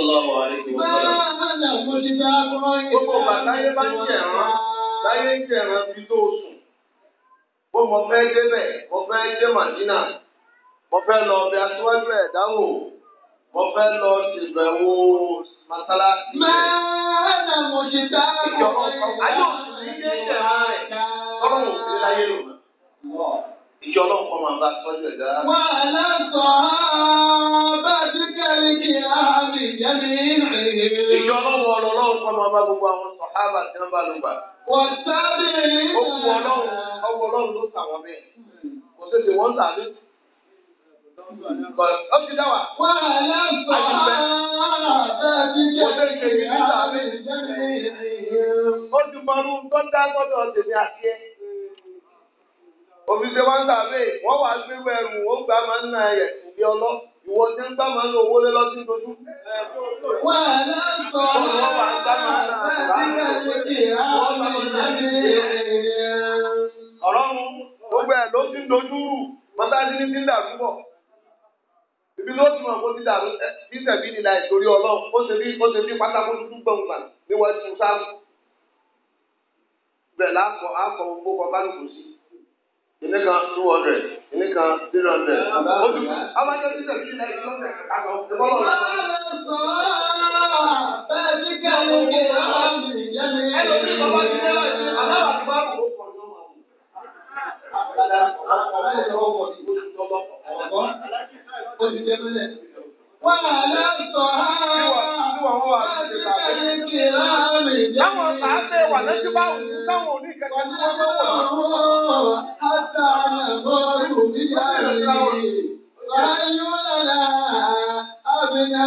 sallallahu alaihi wa sallam. gbogbo bàtáyé bá ń jẹ̀rán lọ ọbẹ̀ aṣíwájú ẹ̀ dáwò mo fẹ́ mo dá ayé ilé rẹ̀ sí láyé lò. ìjọ náà kọ́ máa bá tọ́jú ẹ̀dá. wà á lẹ́sọ̀ bá ti kẹ́lí kí àmì jẹ́mi rìn. ìjọ náà wọ ọlọ́run kọ́ máa bá gbogbo àwọn sọ̀hábà tí wọ́n bá lò gbà. wọ́n sábẹ́ rí. ó kú ọlọ́run ọwọ́ ọlọ́run ló kà wọ́n bẹ́ẹ̀. kò tètè wọ́n tà ní. ó ti dá wa. wà á lẹ́sọ̀ bá ti kẹ́lí kí àmì jẹ́mi rìn. ó ti mọ ọdún tó dá gbọ́dọ̀ tèmi àti ẹ òfìsè wọn gbà bẹ́ẹ̀ wọ́n wàá gbérú ẹrù wọ́n gbà máa ń nà ẹ̀ ìdí ọlọ́ ìwọ tí ń gbà máa ń lo owó lé lọ́sí dojú. wà á lọ sọ ọ́ àtàkà lókè àwọn ọ̀rọ̀run gbogbo ẹ̀ ló ti ń dojú rù mọ́tàdé ní ti ń dàrú bọ̀. ibi ló ti mọ̀ kó ti dàrú kí tẹ̀bí ni láì torí ọlọ́run ó ṣe bí ó ṣe bí pátákó dúdú gbọ̀ngbà níwájú sáà. bẹ̀rẹ̀ láàkọ̀ àkọ̀ gbogbo kan bá lùkù sí i ilé kan two hundred ilé kan three hundred. oṣù abájọ tí sọ sí náírà lọ́sẹ̀ kẹta lọ. ìwọ́n sọ bẹ́ẹ̀ ní kẹ́lẹ́ ní ọ̀hún ìjẹ́mi. ẹnu tí mo bá ti dé láti aláwọ̀ àti bá kò kọ̀ ní ọmọ àwọn. ọ̀gá ọ̀gá ìjọba ọkọ̀ ìwé ìjọba ọ̀gá ó ti dé mẹ́lẹ̀. Wàhálà sọ ha. Táwọn sàáṣẹ́ wà wọ́n mọ̀ wọ̀. Àtà àbọ̀rù bí àrè. Ayúlọ̀lá àbínà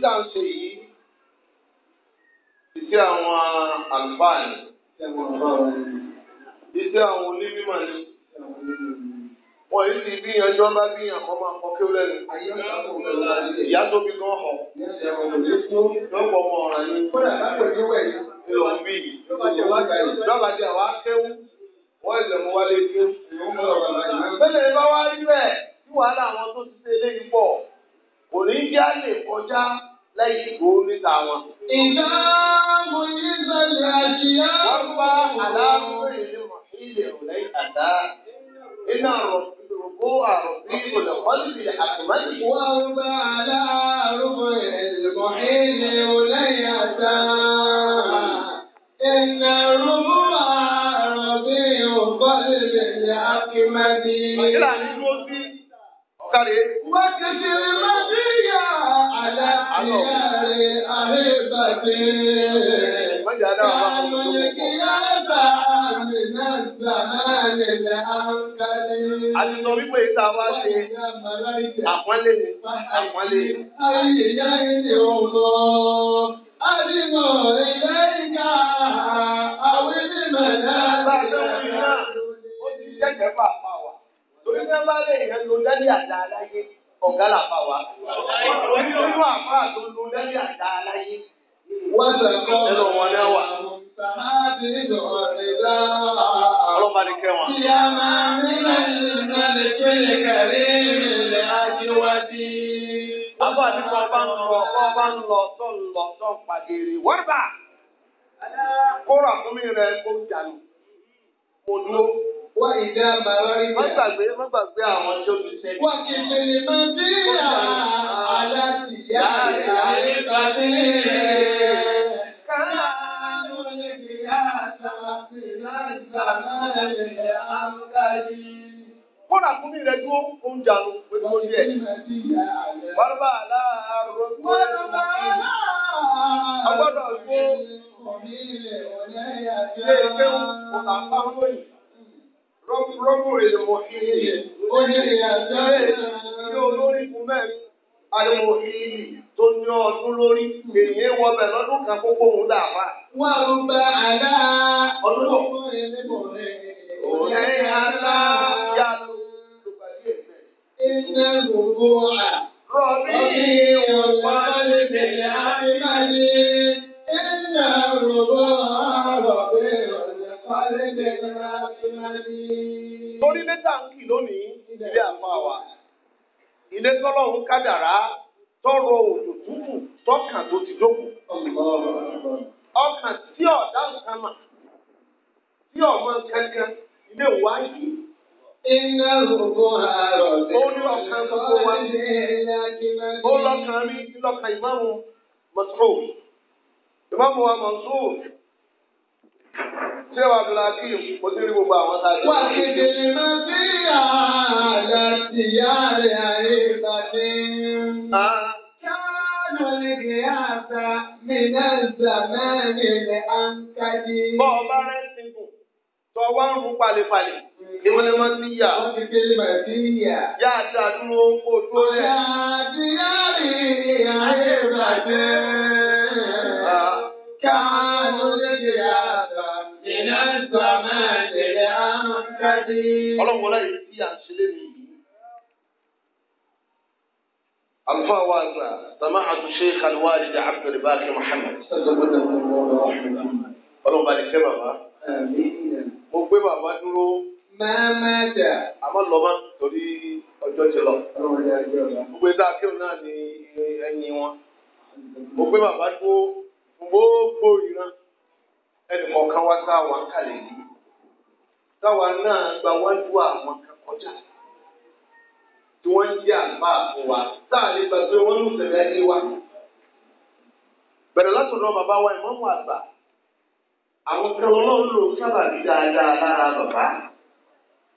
tá à ń ṣe yìí iṣẹ́ àwọn àlùfáà ni iṣẹ́ àwọn onímọ̀ ni wọ́n yìí ti bí yanjú ọba bí yan kọ́ máa kọ́ kéwú lẹ́nu. ìyá tó bí gan hàn. lọ́pọ̀ ọmọ ọ̀ràn yìí. kódà lápò ní wẹ̀ yìí. lọ bí yìí. lọ́ba tí a wá kéwú. wọ́n ẹ̀sẹ̀ mú wálé ké. bẹ́ẹ̀ ni bá wá rí bẹ́ẹ̀ tí wàhálà àwọn tó ti ṣe eléyìí pọ̀ kò ní í já lè kọjá lẹ́yìn ìgbòho mítà wọn. Ìjọ mo ní sọ̀rọ̀ àṣìyá. Wọ́n bá àlàáfù ìlú ilẹ̀ ọ̀lẹ́ àdá. Iná rògbò àròbí ìkọlẹ̀ kọ́lùbì àtìmọ́lì. Wọ́n bá àlàáfù ìlú ilẹ̀ ọ̀lẹ́ àdá. Iná rògbò àròbí ìkọlẹ̀ àtìmọ́lì. Ìlànà ìlú ó sí. Kàrí. Wọ́n ti ṣe ìrọ̀lẹ́ yàrá aláàbíyáre àhébàdé. Kàlùyìkì àbá àmìnà gbàmánì lẹ Àtìsọ wípé ìta wá ṣe àpọ́nlé ni àpọ́nlé. Ayíyá ilé ọmọ. Àdìmọ̀ ilé ìka àwílì mẹ́lẹ́. Bá a ṣe wí náà, ó ti jẹ́ kẹ́fà máa wà. Torí náà bá lè yẹn lo dálé àdá ọ̀gá làbá wa. Nínú àbá tó lu lẹ́yìn àdá aláyé. Wọ́n ti kọ́ nínú wọn náà wà. Ìyá máa ìrìnlẹ̀ Abọ́ àti bá ń lọ, bá ń lọ, ń lọ, ń Wọ́n bà. fún mi rẹ̀ kó jà lù. Mo dúró. Wá ìdá bàbá rí. Má gbàgbé má gbàgbé àwọn tó fi ṣe. Wà kèfèrè máa bí lè fi àṣà sí láìsà náà lè fún mi rẹ̀ dúró oúnjẹ àrùn pẹ̀lú orí ẹ̀. Wọ́n bá aláàárọ̀. Wọ́n bá aláàárọ̀. A gbó. Ilé ìgbéwò kò tà ń bá wọ́n lóyún rọ́pù rẹ̀ mọ̀ ìyẹn ó ní ìyàtọ̀ ní olórí fún mẹ́rin ariwo ìyí tó ní ọdún lórí èyí wọbẹ̀ lọ́dún kan kókó òun dàbà. wà á gba àdá ọdún ọdún ẹni bọ̀ rẹ̀. òun ẹ̀yìn àlá yà ló ló pàdé iná gbogbo à. rọ̀bì ìwọ̀nba lè bẹ̀rẹ̀ àmì iná gbogbo à rọ̀bì ìwọ̀nba. Torí létà ń kì lónìí ilé àfa wa. Ilé tọrọ òjò tútù tọkàn tó ti jókòó. Ọkàn tí ọ̀dá nǹkan mà tí ọmọ kankan ilé wa yìí. Iná gbogbo àrọ̀ tẹ̀lé. Ó ní ọkàn gbogbo ṣé wàá dùn láti kí mo ti rí gbogbo àwọn sáájú. wà á kéde ní máa fi àdá sí ààrẹ ayé ìpàdé. káàlù ní kí á ta mí náà zàmánì lè àǹkàdì. bọ́ ọ rẹ̀ ń sìnkún tọ́ wá ń rú palẹ̀palẹ̀ ìwọlé ti yà. wọ́n ti kéde bàrẹ̀ sí yà. yá àti àdúró kò tó rẹ̀. ọ̀yà àti yáàrí ayé ìbàjẹ́. káàlù ní Ọlọ́run wọlé yìí bí à ń ṣe lébi yìí. Àlùfáà wa gbà Sàmá àtúnṣe Khalwari da Abdulbaki Muhammad. Ọlọ́run bá lè fẹ́ bàbá. Mo gbé bàbá dúró. Màmá dà. Àmọ́ lọ́mọ torí ọjọ́ ti lọ. Gbogbo ẹ̀dá akéwòn náà ni ẹ̀yìn ẹnìkọ̀ọ̀kan wá sáwọn kàlẹ̀ yìí Sawa naa gba wájú àwọn kan kọjá tí wọ́n ń àgbà fún wa táàlì bàbá wa àgbà àwọn sábà bí dáadáa lára bàbá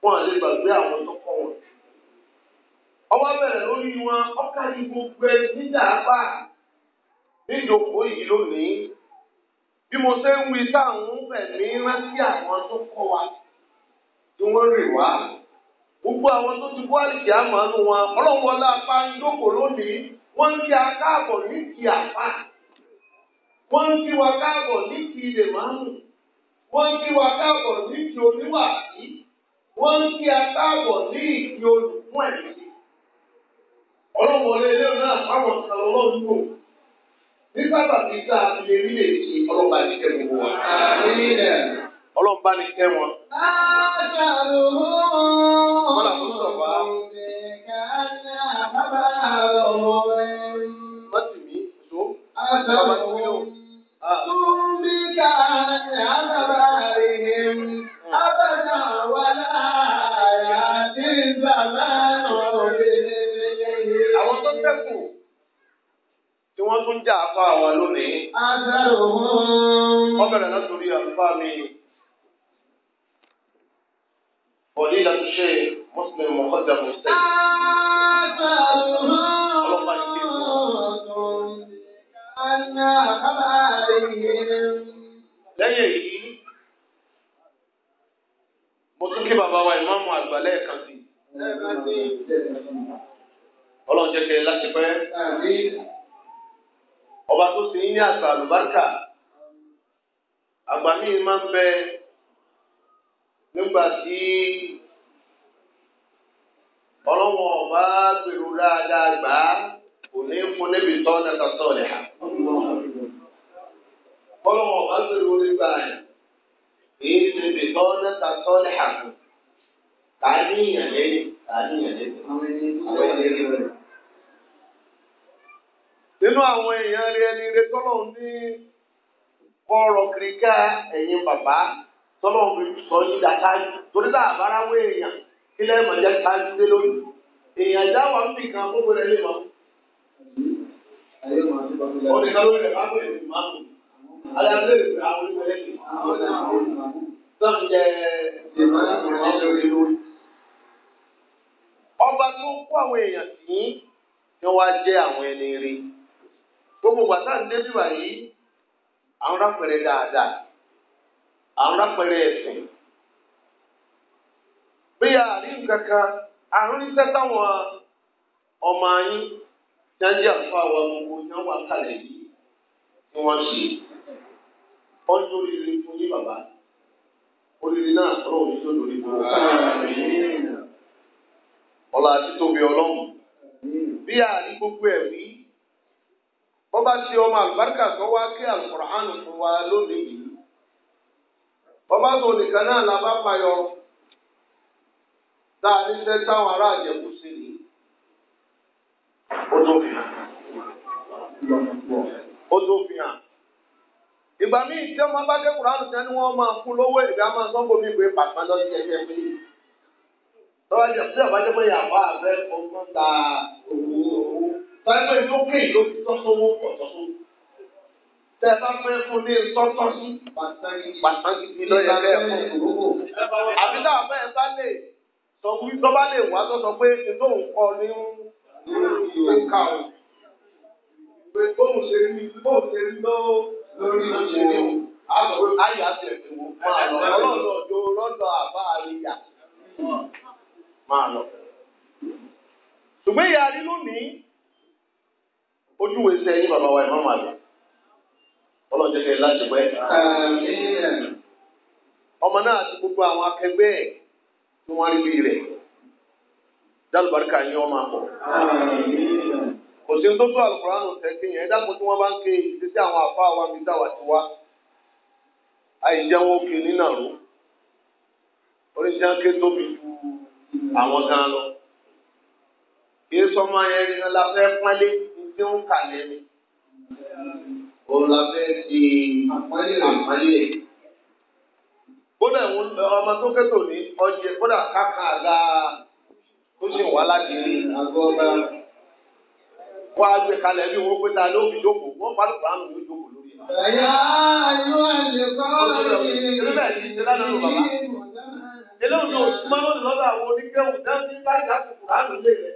wọn àlè gbàgbé àwọn tó wọn. ọwọ́ bẹ̀rẹ̀ lórí wọn ọkàlì gbogbo nígbà yìí lónìí. bí mo ṣe ń wí táwọn ń rántí àwọn tó wa tí Gbogbo àwọn tó ti àlìkí wọn, ọlọ́run apá ń jókòó lónìí, wọ́n ń kí a káàbọ̀ ní ti àpá. Wọ́n ń kí wa káàbọ̀ ní ti ilẹ̀ márùn Wọ́n ń kí wa káàbọ̀ ní ti nígbà tàbí tá lè rí lè ṣe ọlọ́ba ní kẹ́ gbogbo wa. ọlọ́ba ní kẹ́ wọn. Mọ́lá tó sọ̀ wá. Mọ́tì mi, so. Bàbá tó wí lò. Túmbí ká àbábá rèé, àbábá wà láàyè àti bàbá òde. Àwọn tó tẹ̀kù tí wọ́n tún jà afá wa lónìí. Wọ́n bẹ̀rẹ̀ látòrí àlùfá mi. Bọ̀dé ìlànà ṣe Mùsùlùmí Mọ̀kọ́dà Mùsùlùmí. Ọlọ́pàá yìí kí wọ́n. Lẹ́yìn èyí, mo tún kí bàbá wa ìmáàmù àgbà lẹ́ẹ̀kan sí. Ọlọ́run jẹ́ kẹ́ láti pẹ́. ọba tó ṣe ní àṣà àlùbáríkà àgbà míì máa ń bẹ nígbà tí ọlọ́wọ́ ọba pèrò dáadáa gbà á kò ní fún níbi tọ́ nípa ha. ọlọ́wọ́ ọba pèrò nígbà yẹn kì í ṣe níbi tọ́ nípa ha kò tàníyàn lẹ́yìn tàníyàn tó nínú àwọn èèyàn rẹ ni rẹ tọ́lọ̀ ní kọ́rọ̀ kìrìkà ẹ̀yìn bàbá tọ́lọ̀ fi sọ yín dàtájú torí tá a bára wé èèyàn ilé ẹ̀mọ̀ jẹ́ tájú dé lórí èèyàn já wà ń bì kan gbogbo rẹ̀ lè mọ̀. Oníkan lórí rẹ̀ máa ń pè é máa ń pè é. Adájọ́ lè fi àwọn ìwé ẹ̀sìn. Sọ́n jẹ́ ìmọ̀lẹ́kùnrin lórí lórí. Ọba tó kó àwọn èèyàn sí ni wọ́n á jẹ́ àwọn ẹni rí. gbogbo gbasara níbi wàyí àwọn rápẹrẹ dáadáa àwọn rápẹrẹ ẹsìn bí àárín kankan àrùn iṣẹ́ táwọn ọmọ yín jáde àfa àwọn gbogbo ní àwọn àkàlẹ yìí ni wọ́n ṣe ọjọ́ oríire fún yín bàbá oríire náà tọrọ òní tó lórí gbogbo ọlá àti tóbi Ọlọ́run bí àárín gbogbo bó bá ṣe ọmọ àlùbáríkà tó wá kí Al-Qur'an fún wa lónìí yìí bó bá tó nìkan náà la bá payọ tá a ní sẹ́ táwọn ará àjẹkù sí ni ó tó fi hàn ó tó fi hàn ìgbà míì tí ọmọ bá kẹ́kọ̀ọ́ láti tẹ́ ni wọ́n máa fún lówó ìgbà máa sọ́kò mi pé pàtàkì lọ ẹgbẹ́ mi. lọ́wọ́ jẹ́ sí ọ̀bájọ́ pé yàrá àbẹ́ ọgbọ́n ta owó. Tọ́lẹ́gbẹ́ ló pè ló fi tọ́sọ́wọ́ ọ̀tọ́sọ́. Tẹ́ bá pẹ́ fún ní tọ́tọ́ sí. Pàtàkì ti lọ yẹ bẹ́ẹ̀ fún òwúrò. Àbí táwọn bẹ́ẹ̀ bá lè sọ wí tó bá lè wá tó sọ pé ètò òǹkọ ní ń kà ó. Pé bóun ṣe rí bóun ṣe rí lọ́wọ́ lórí ìṣẹ̀lẹ̀ o. Ayọ̀ àti ẹ̀sìn wò máa lọ. Ọlọ́dọ̀ ọjọ́ lọ́dọ̀ àbá àríyá. Máa lọ. Ṣùgbọ́n ìyá rí lónìí ojúwe sẹ yín bàbá wa ìmọ̀ràn àgbà ọlọ́jọ́ kẹ láti pẹ́. ọmọ náà àti gbogbo àwọn akẹgbẹ́ ẹ̀ tí wọ́n rí bí rẹ̀ dálùbáríkà yín ọmọ àpọ̀. kò sí tó tó àlùkùránù tẹ̀sí yẹn dákun tí wọ́n bá ń ké ìdíje àwọn àfa wa mi dá wa ti wá àìjẹun òkè nínà ró oríṣiríṣi tóbi ju àwọn gan lọ kí sọmọ yẹn la fẹ́ pálé tí ó ń kàlẹ́ ni. Òun la fẹ́ di àpọ́nlé. Kódà àwọn ọmọ tó kẹ́tọ̀ ní ọjẹ́ kódà káka àga tó sì wá láti rí agbọ́nà. Wọ́n á gbé kalẹ̀ bí owó pé ta ló fi jókòó, wọ́n bá lùkọ́ àrùn yóò jókòó lórí. Ẹ̀yà ayú ẹ̀lẹ́ kọ́ọ̀rọ̀ yìí. Ìrẹ́lẹ̀ yìí ti lánàá lọ bàbá. Eléwòn ní òṣùpá lọ́dọ̀ àwọn oníkẹ́wù náà ti bá ìdásùn kùránù lé rẹ̀.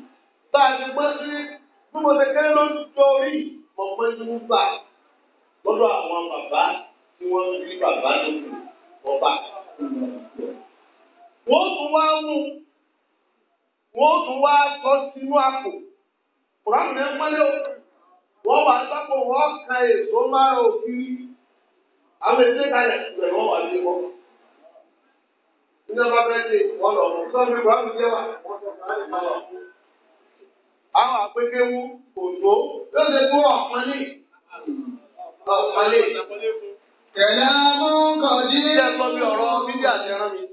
bá a ti gbọ́ sí bí mo ṣe kéré ló ń torí mo pẹ́ sí wúgbà lọ́dọ̀ àwọn bàbá tí wọ́n ń rí bàbá lókè ọba. Wọ́n tún wá mú wọ́n tún wá sọ sínú àpò. Kùránù ní pẹ́lú wọ́n wà sápò wọ́n ka èso márùn-ún òkiri. Àwọn èdè kalẹ̀ rẹ̀ wọ́n wà lé wọ́n. Ní ọba bẹ́ẹ̀ ni wọ́n lọ. Sọ́ọ̀nù ìgbà jẹ́ wà. Wọ́n sọ fún àyè máa lọ àwọn àpékéwú kò tó yóò ṣe kó ọ̀pọ̀lì ọ̀pọ̀lì kẹlẹ mọ́kànjí. ṣé ẹ gbọ́ bí ọ̀rọ̀ bíbí àti ẹran mi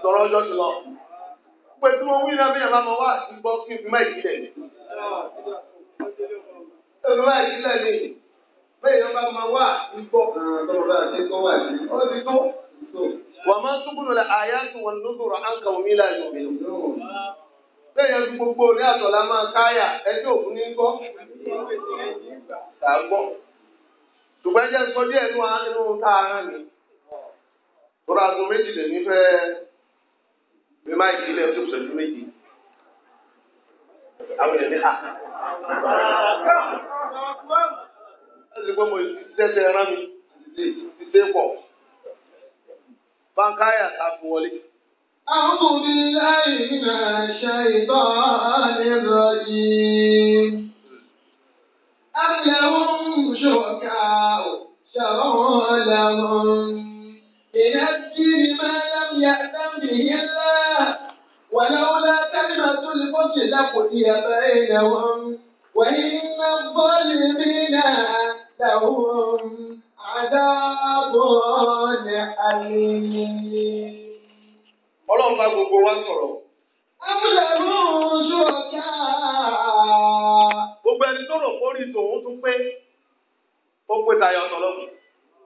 sọ̀rọ̀ ọjọ́ ti lọ. pé tí wọ́n wí náà bí ẹ̀rọ wá sí gbọ́ kí n fi máa ìdílé ni. èmi máa ìdílé ni bẹ́ẹ̀ yẹn bá máa wá sí gbọ́. ọ̀rọ̀ ah, bá ti kọ́ wá sí. ó ti tó. wàá máa túbúrò lẹ àyà tó wọn lóṣù rọ̀ àǹkà omi láàyò mi lẹ́yìn ọdún gbogbo ní àtọ̀lá máa káyà ẹjọ́ òkú ní gbọ́. Tà Ṣùgbọ́n ẹjẹ́ sọ díẹ̀ nú àánú tá a hàn mí. Tọ́lá aago méjìléní fẹ́ mi máa yí ilé ọtí ìṣẹ́jú méjì. Àwọn èèyàn ní Ẹ̀sìn pé mo tẹ́tẹ̀ rán mi ti ṣe pọ̀. Báńkáyà ta fún wọlé. أعوذ بالله من الشيطان الرجيم أم لهم شركاء شرعوا لهم من الدين ما لم يأتم به الله ولولا كلمة الفصل لقضي بينهم وإن الظالمين لهم عذاب أليم Ọlọ́run bá gbogbo wa sọ̀rọ̀. Amúlẹ̀mú ojú ọjà. Gbogbo ẹni tó rò kórìí tòun tún pé ó pé tayọ tọ́lọ́mù.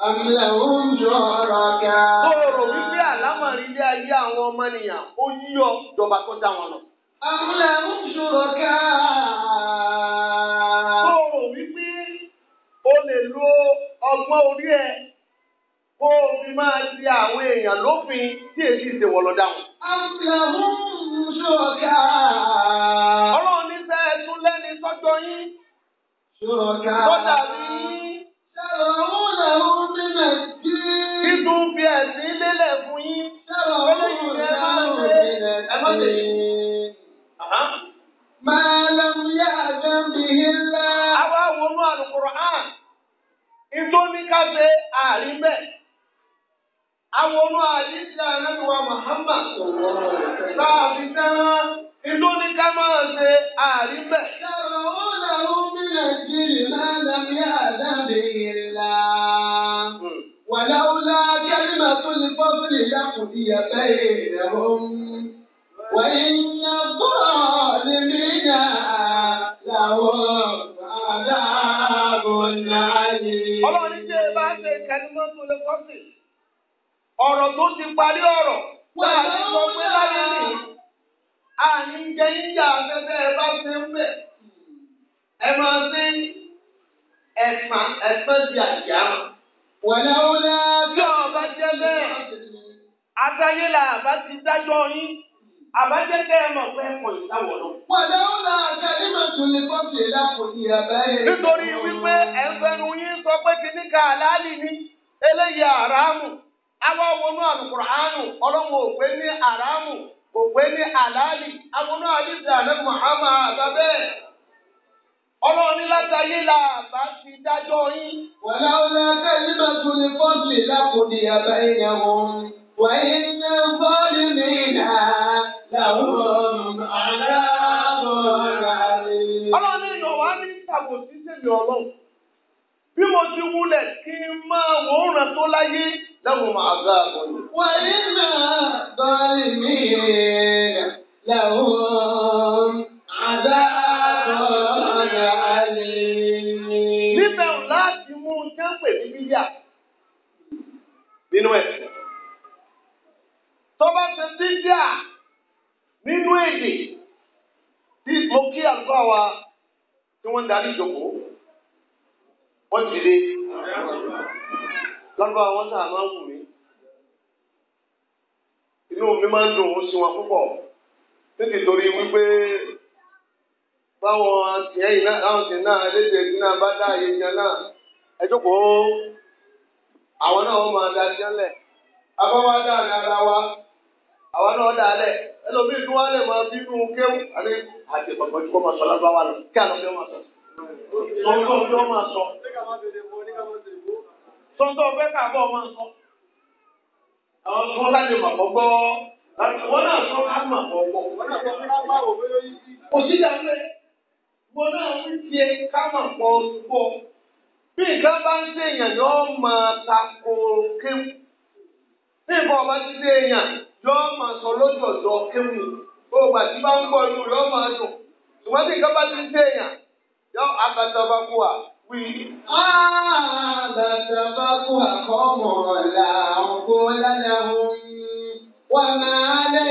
Amúlẹ̀mú ojú ọ̀rọ̀ ọjà. Tó rò wípé àlámọ̀rí ilé ayé àwọn ọmọnìyàn ó yí ọ ìjọba tó dá wọn lọ. Amúlẹ̀mú ojú ọjà. Tó rò wípé o lè lo ọgbọ́n orí ẹ kó o fi máa ṣe àwọn èèyàn lófin tí èsì ṣe wọ̀ lọ́dà wọn. àfihàn ṣọ̀gá. ọlọ́run ní sẹ́ ẹ tún lẹ́ni sọ́jọ́ yín. ṣọ̀gá. tó dàbí. ṣàlàyé làwọn mímẹ̀ sí. títún fi ẹ̀sìn lélẹ̀ fún yín. ṣàlàyé làwọn mímẹ̀ sí. ẹ má lè yí. ما لم يأذن به الله. àwa wọnú Al-Qur'an ìtò ní ká ṣe àárín bẹ́ẹ̀ àwọn ọmọ àyíṣẹ́ anáwó Muhammad bá a fi tán inú ní ká máa ṣe àríbẹ̀. ṣàrò ó làwọn mi nàìjíríà náà lábí àdáde ìrìnlá. wàláwùlá kẹ́lí màtún lè fọ́sílẹ̀ yàkùn ìyàtọ̀ ìrìnlẹ̀ ọ̀hún. ti parí ọ̀rọ̀ wọ́n á ti sọ pé láyé mi àní jẹ yíyá afẹ́fẹ́ ẹ bá ṣe ń bẹ̀ ẹ máa ṣe ẹ̀fà ẹ̀fẹ́ di àyà. wọ̀lẹ́ wọlé bí ọba jẹ́ bẹ́ẹ̀ àtàyè là bá ti dájọ́ yín àbájẹ́kẹ́ ẹ mọ̀ pé ẹ̀kọ́ ìdáwọ̀ lọ. Wàdà ó la àṣà nígbà tó lè bọ́ sí ẹ̀dá kò ní ẹ̀bẹ́ yẹn. Nítorí wípé ẹ̀fẹ̀nu yín sọ pé kìnnìkan àlálì ni eléyìí àràmù. àwọn wọnú àlùkùránù ọlọ́run ò pé ní àràmù kò pé ní àlàálì àwọn náà ní ìdílé àná Muhammad àgbàbẹ́ ọlọ́run là bá ti dájọ́ yín. wàlá ọlá kẹ́lí máa tún ní fọ́ọ̀tì lákòdì wàyí ní rà ìyọ̀wá ní sẹ́mi ọlọ́run. bí mo ti wúlẹ̀ kí n máa wò ó ràn tó láyé lẹ́wọ̀n máa gbà wọ́n. wàyí náà bọ́ọ̀lì mi lẹ́wọ̀n àdá bọ́ọ̀lì àlè. níbẹ̀ láti mú un jẹ́ pè ní bíyà nínú ẹ̀. tó bá ṣe bíyà nínú èdè tí mo kí àlùfáà wa tí wọ́n darí ìjókòó. wọ́n dìde lọ́gbà wọn sáà máa ń wù mí inú mi máa ń dùn ó sí wọn púpọ̀ títí torí wípé báwọn tiẹ̀yìn náà láwọn náà léde tí náà bá dá àyè jẹ náà ẹ jókòó àwọn náà wọ́n máa da dá wa àwọn náà dá lẹ̀ máa kéwù àti àti máa sọ lọ kí àlọ́ máa sọ. Sọ́ńtọ́ ọjọ́ máa sọ. Sọ́ńtọ́ ọgbẹ́ kàbọ̀ máa sọ. Àwọn ọmọ láti mọ̀ kọ́ gbọ́. Wọ́n náà sọ ká mà kọ́ gbọ́. Kò sí ìdálé. Wọ́n náà ń tiẹ̀ ká mà kọ́ gbọ́. Bí nǹkan bá ń ṣe èèyàn yóò máa tako kéwù. Bí nǹkan ọba ti ṣe èèyàn yóò máa sọ lójú ọ̀dọ̀ kéwù. Gbogbo àti bá ń gbọ́ inú rẹ̀ máa dùn. Ṣùgbọ́n nǹkan bá ti ń èèyàn yọ agbadaba kó a wí. agbadaba kó a kọ́ la ọ̀gbọ́ lánàá wọn. wà á máa lè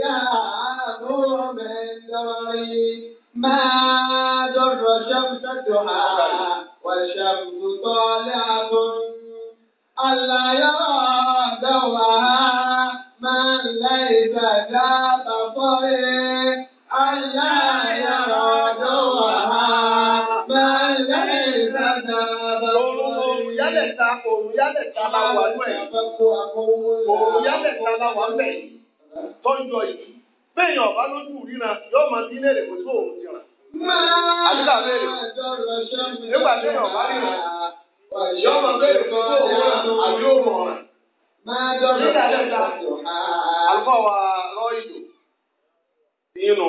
dá àánú mẹ́tọ́rí. máa dọ̀rọ̀ ṣàmùsàtò ha wà ṣàmùsàtò lẹ́àtún. àlàyé ọ̀dọ́ wa máa ń gbàgbá bàbá rẹ̀. mẹ́ta la wà nù ẹ̀ òun yá la wà mẹ́ tọ́jọ́ yìí bẹ́ẹ̀yàn ọ̀bá lójú ríran yóò máa bí léèrè kò sí òun jìrà. àdúrà béèrè nígbà bẹ́ẹ̀yàn ọ̀bá yóò máa béèrè kò sí òun rán àbí ọ̀ràn. nígbà wa ìlú nínú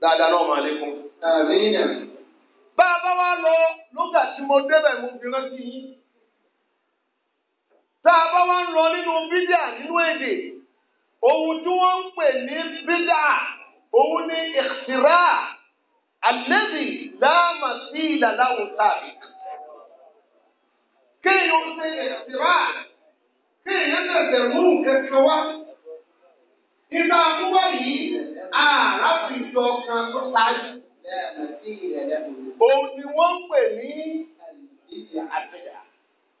dáadáa náà máa lékún. bá a bá lọ lóga tí mo débẹ̀ tá a bá wá ń lọ nínú bídà nínú èdè ohun tí wọ́n ń pè ní bídà òun ni ìṣirà àlẹ́bí láàmà sí ìlàláwò tàbí. kéèyàn ṣe ìṣirà kéèyàn tẹ̀sẹ̀ mú kẹ̀kẹ́ wá. Nígbà tó wà yìí, àràbìjọ kan tó ṣáájú. Òun ni wọ́n ń pè ní ìṣirà àbẹ̀dà.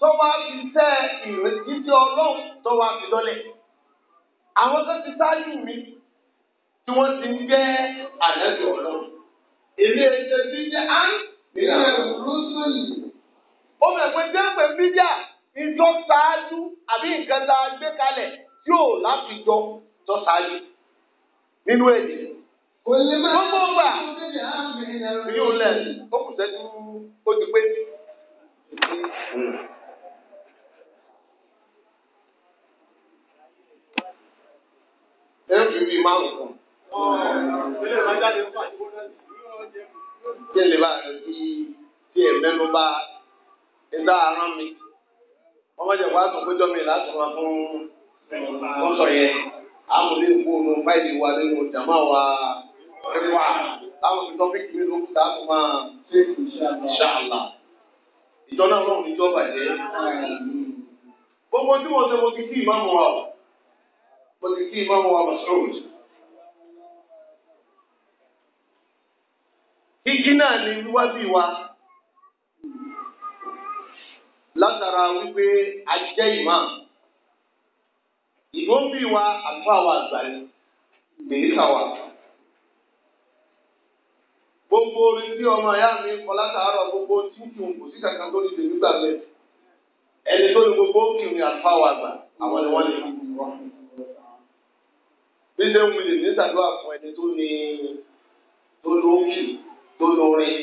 tọ́wọ́ fi tẹ́ ìrètí tí ọlọ́run tọ́wọ́ fi lọ́lẹ̀. Àwọn tó ti sáájú mi tí wọ́n ti ń jẹ́ àlẹ́bí ọlọ́run. Èmi ẹ̀jẹ̀ ti jẹ́ á nínú ìrúsùlì. Ó mẹ̀pẹ́ jẹ́pẹ̀ bíjà ìjọ sáájú àbí nǹkan tá a gbé kalẹ̀ yóò láti jọ tọ́ sáájú nínú èdè. Gbogbo ọgbà mi ò lẹ̀ ó kù sẹ́jú ó ti pé. Hmm. ẹ̀ fi bíi márùn kù. Kí ni bá a ti ti ẹ̀ mẹ́nu bá ẹ̀dá arán mi? Ọmọ jẹ̀ wá tún péjọ́ mi láti máa fún wọ́n sọ yẹn. Àmúlé ìfowópamọ́ fáìlì wa nínú jàmá wa wíwá. Àwọn ìtọ́ fi kiri ló kúta kó máa ṣe ìṣàlà. Ìjọ náà lọ́run níjọ́ bàjẹ́. Gbogbo tí wọ́n ṣe mo ti kí ìmáàmù wa o. واللي فيه ما هو مسعود igi náà ni wíwájú ìwà látara wípé a jẹ́ imam ìgbó ń bí wa àlùfáà wa àgbà ni mèríkà wa gbogbo orin tí ọmọ ìyá mi kọ látàárọ̀ gbogbo títún kò sí kankan tó ti tèmi gbàgbé ẹni tó ní gbogbo kìnìún àlùfáà wa àgbà àwọn ni wọ́n lè fi wọn níṣẹ́ ń wulè ní sàdúrà fún ẹni tó ní tó ló ń kì tó lórin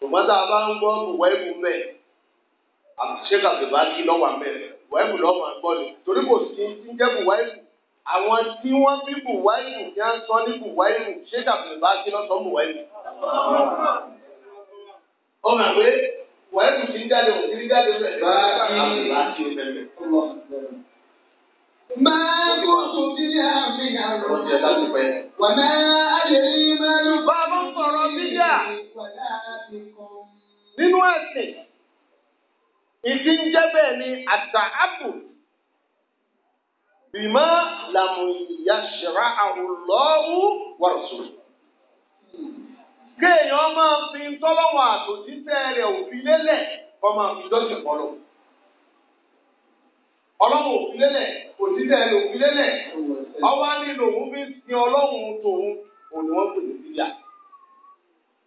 ṣùgbọ́n tá a bá ń gbọ́ ìwẹ́ ìwú mẹ́ àṣẹ kàfẹ́bá kí lọ́wọ́ mẹ́ ìwẹ́ ìwú lọ́wọ́ àgbọ̀ ni torí kò sí ń jẹ́ ìwẹ́ ìwú àwọn tí wọ́n bí bùwáìlù ní à ń sọ ní bùwáìlù ṣé kàfẹ́bá kí lọ́sọ̀ bùwáìlù. ọmọ àgbẹ̀ bùwáìlù ti ń jáde òkú ti ń jáde bẹ́ẹ̀ bá kí bá kí bẹ́ẹ̀ bẹ́ẹ̀ bíyà mi àrò. Oúnjẹ láti pẹ́. Wàmẹ́ àyèrè mẹ́rin. Bàbá sọ̀rọ̀ bíyà. Nínú ẹ̀sìn, ìdí ń jẹ́ bẹ́ẹ̀ ni àtà ápù. Bìmọ́ làmù ìyá ṣẹ̀rá àwòlọ́wù wọ̀rọ̀sùn. Kéèyàn máa fi tọ́lọ́wọ̀ àtòjíṣẹ́ rẹ̀ òfin lélẹ̀ kọ́ máa fi lọ. Ọlọ́run òfin lélẹ̀ kò sí lẹ́nu ìfilélẹ̀ ọwọ́ nínú òun fi sin ọlọ́run tòun òun ni wọ́n pè ní bíbíà.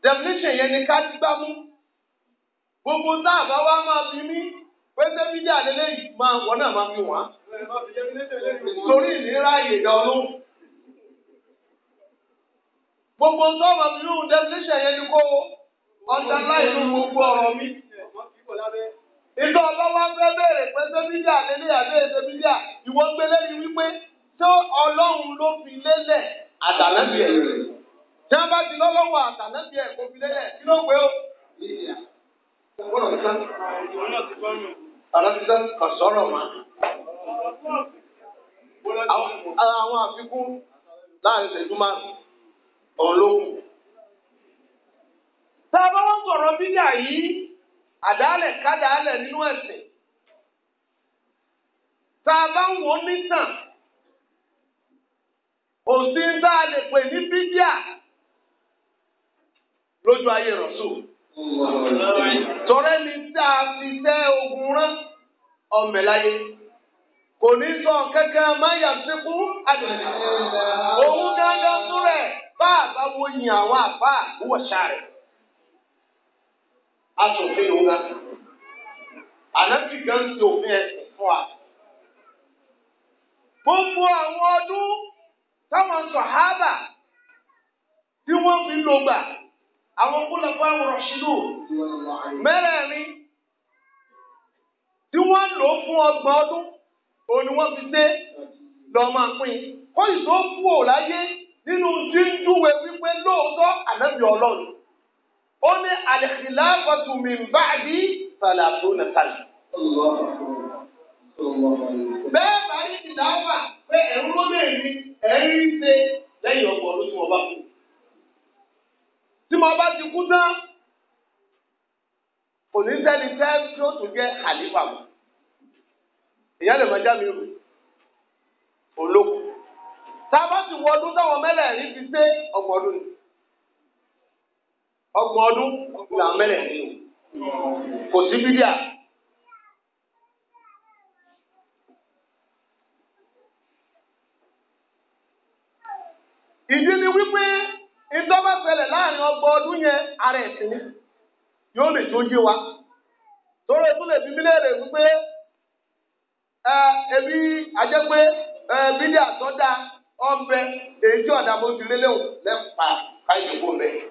definition yẹn ni ká dígbá mú gbogbo tá a bá wá máa fi mí pẹ́sẹ́ bíbíà lélẹ́yìí máa wọ́n náà máa fi wọ́n. torí ìnira ìyèdà ọlọ́run. gbogbo tó ọmọ mi lóhùn definition yẹn ni kó ọjà láì lóhùn gbogbo ọ̀rọ̀ mi ìjọ ọlọ́wọ́ fẹ́ bẹ̀rẹ̀ pé sẹ́mídíà lélẹ̀ àbẹ́rẹ́ sẹ́mídíà ìwọ gbé lẹ́yìn wípé tó ọlọ́run ló fi lélẹ̀ àtàlẹ́bí ẹ̀ rẹ̀. tí wọ́n bá ti lọ́lọ́wọ́ àtàlẹ́bí ẹ̀ kò fi lélẹ̀ kí ló pé ó. Àlọ́sísẹ́ kò sọ̀rọ̀ mọ́. Àwọn àfikún láàrin ìṣẹ́jú máa ọ̀hún ló kù. Tá a bá wọ́n sọ̀rọ̀ bídà yìí àdáálẹ̀ kádàálẹ̀ nínú ẹ̀sìn tá a bá ń wò nítàn òsì ń tá a lè pè ní bídíà lójú ayé rọ̀ṣù. tọ́rẹ́ ni tá a fi tẹ́ ogun rán ọ̀mẹ̀láyé kò ní sọ kankan máyà àdìsí òun gángan fún bá a bá àwọn àbá àbúwọ̀ṣà rẹ̀ asòfin òun náà ànábì gan ṣe òfin ẹsẹ̀ fún wa. gbogbo àwọn ọdún táwọn sọ̀hábà tí wọ́n fi lò gbà àwọn kúlọ̀pọ̀ àwọn rọ̀ṣídù mẹ́rẹ̀ẹ̀rin tí wọ́n lò fún ọgbọ̀n ọdún òun ni wọ́n fi dé lọ́ọ́ máa pín kó ìtò kú ò láyé nínú tí ń júwe wípé lóòótọ́ ànábì ọlọ́run ó ní al-khilafatu min ba'di thalathuna sana. bẹ́ẹ̀ bá rí ìdáfà pé ẹ̀rú ló lè rí ẹ̀rí ń ṣe lẹ́yìn ọgbọ̀n ló tí mo bá kú. tí mo bá ti kú tán onísẹ́ni fẹ́ tí ó tún jẹ́ àlífà mọ́. ìyá lè máa já mi rò olóko. tá a bá ti wọ ọdún táwọn mẹ́lẹ̀ẹ́rin fi ṣe ọgbọ̀n ọdún ni. ọgbọ̀n ọdún là mẹ́lẹ̀ kò sí bídíà. ìdí ni wípé ìdọ́gba fẹlẹ̀ láàrin ọgbọ̀n ọdún yẹn ara ẹ̀sìn ni yóò lè tó yé wa tóró ètò lè rẹ̀ wípé ẹ ẹbí ẹ tó ọbẹ̀ èyí tí ọ̀dà bó ti lélẹ̀ ò lẹ́pàá káyọ̀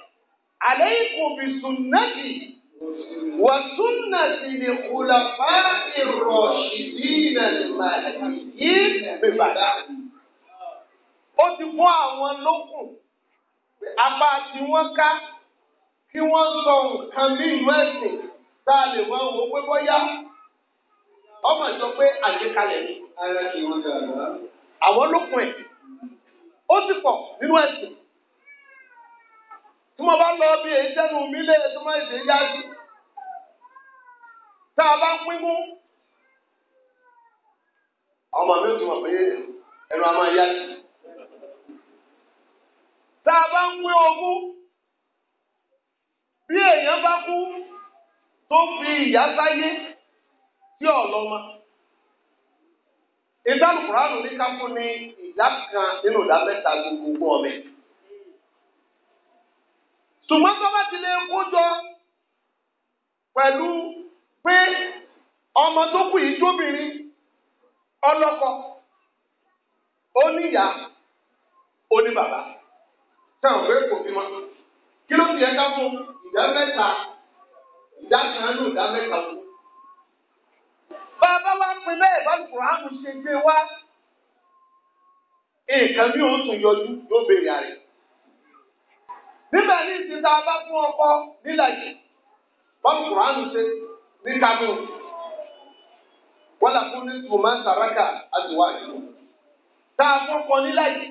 عليكم بسنتي وسنة الخلفاء الراشدين المهديين ببعد ó ti fún àwọn lókùn apá tí wọ́n ká kí wọ́n sọ nǹkan mímu ẹ̀sìn tá a lè wọ́n wò pé bóyá ọmọ ìjọ pé àgbékalẹ̀ ni àwọn lókùn ẹ̀ ó ti pọ̀ nínú ẹ̀sìn tí mo bá lọ bí èyí sẹ́nu mi lé tó máa yá sí. tá a bá ń pín mú ọmọ mi ò tún mọ̀ pé ẹnu a máa yá sí. tá a bá ń wé ogún bí èèyàn bá kú tó fi ìyá sáyé sí ọlọ́mọ. ìdánù kùránù ní ká fún ni ìdá kan nínú ìdá mẹ́ta gbogbo ọmọ ṣùgbọ́n tó bá ti lè kó jọ pẹ̀lú pé ọmọ tó kù yìí jóbìnrin ọlọ́kọ ó níyà ó ní bàbá táwọn fẹ́ kò bímọ kí ló fi ẹ̀ka fún ìdá mẹ́ta ìdá kan ní ìdá mẹ́ta kù. bàbá wa pin bẹ́ẹ̀ bálùkù àmú ṣe gbé wá nǹkan bí òun tún yọjú yóò béèrè àrè níbẹ̀ ní ìsìta bá fún ọkọ nílẹ̀ yìí bọ́ọ̀lù kùránù ṣe ní kánú wọ́n làkún ní tùmọ̀ sàrákà àtiwájú tá a fọ́kọ nílẹ̀ yìí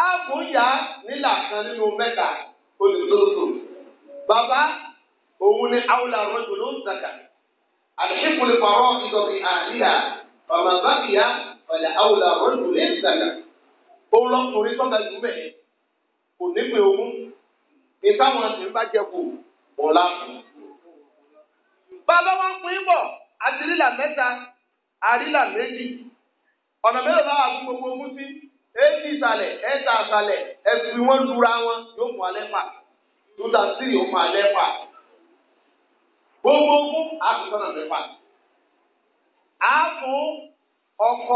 ààbò yá nílà kan nínú mẹ́ta olùdókòtò bàbá òun ni àwòlà rọ́jò ló ń zàkà àdìsíkùlù pàrọ̀ ìdọ̀rì àríyá bàbá bàbíyá pẹ̀lú àwòlà rọ́jò ló ń zàkà òun lọkùnrin tọ́ka jù bẹ́ẹ̀. kò nípe ogún ní táwọn àtìrí bá jẹ kù bàbá wọn pín bọ̀ àtìrílà mẹ́ta àrílà méjì ọ̀nà mélòó bá fún gbogbo ogún sí éjì ìsàlẹ̀ ẹ̀ta wọn yóò mú alẹ́ fà yóò mú alẹ́ ọkọ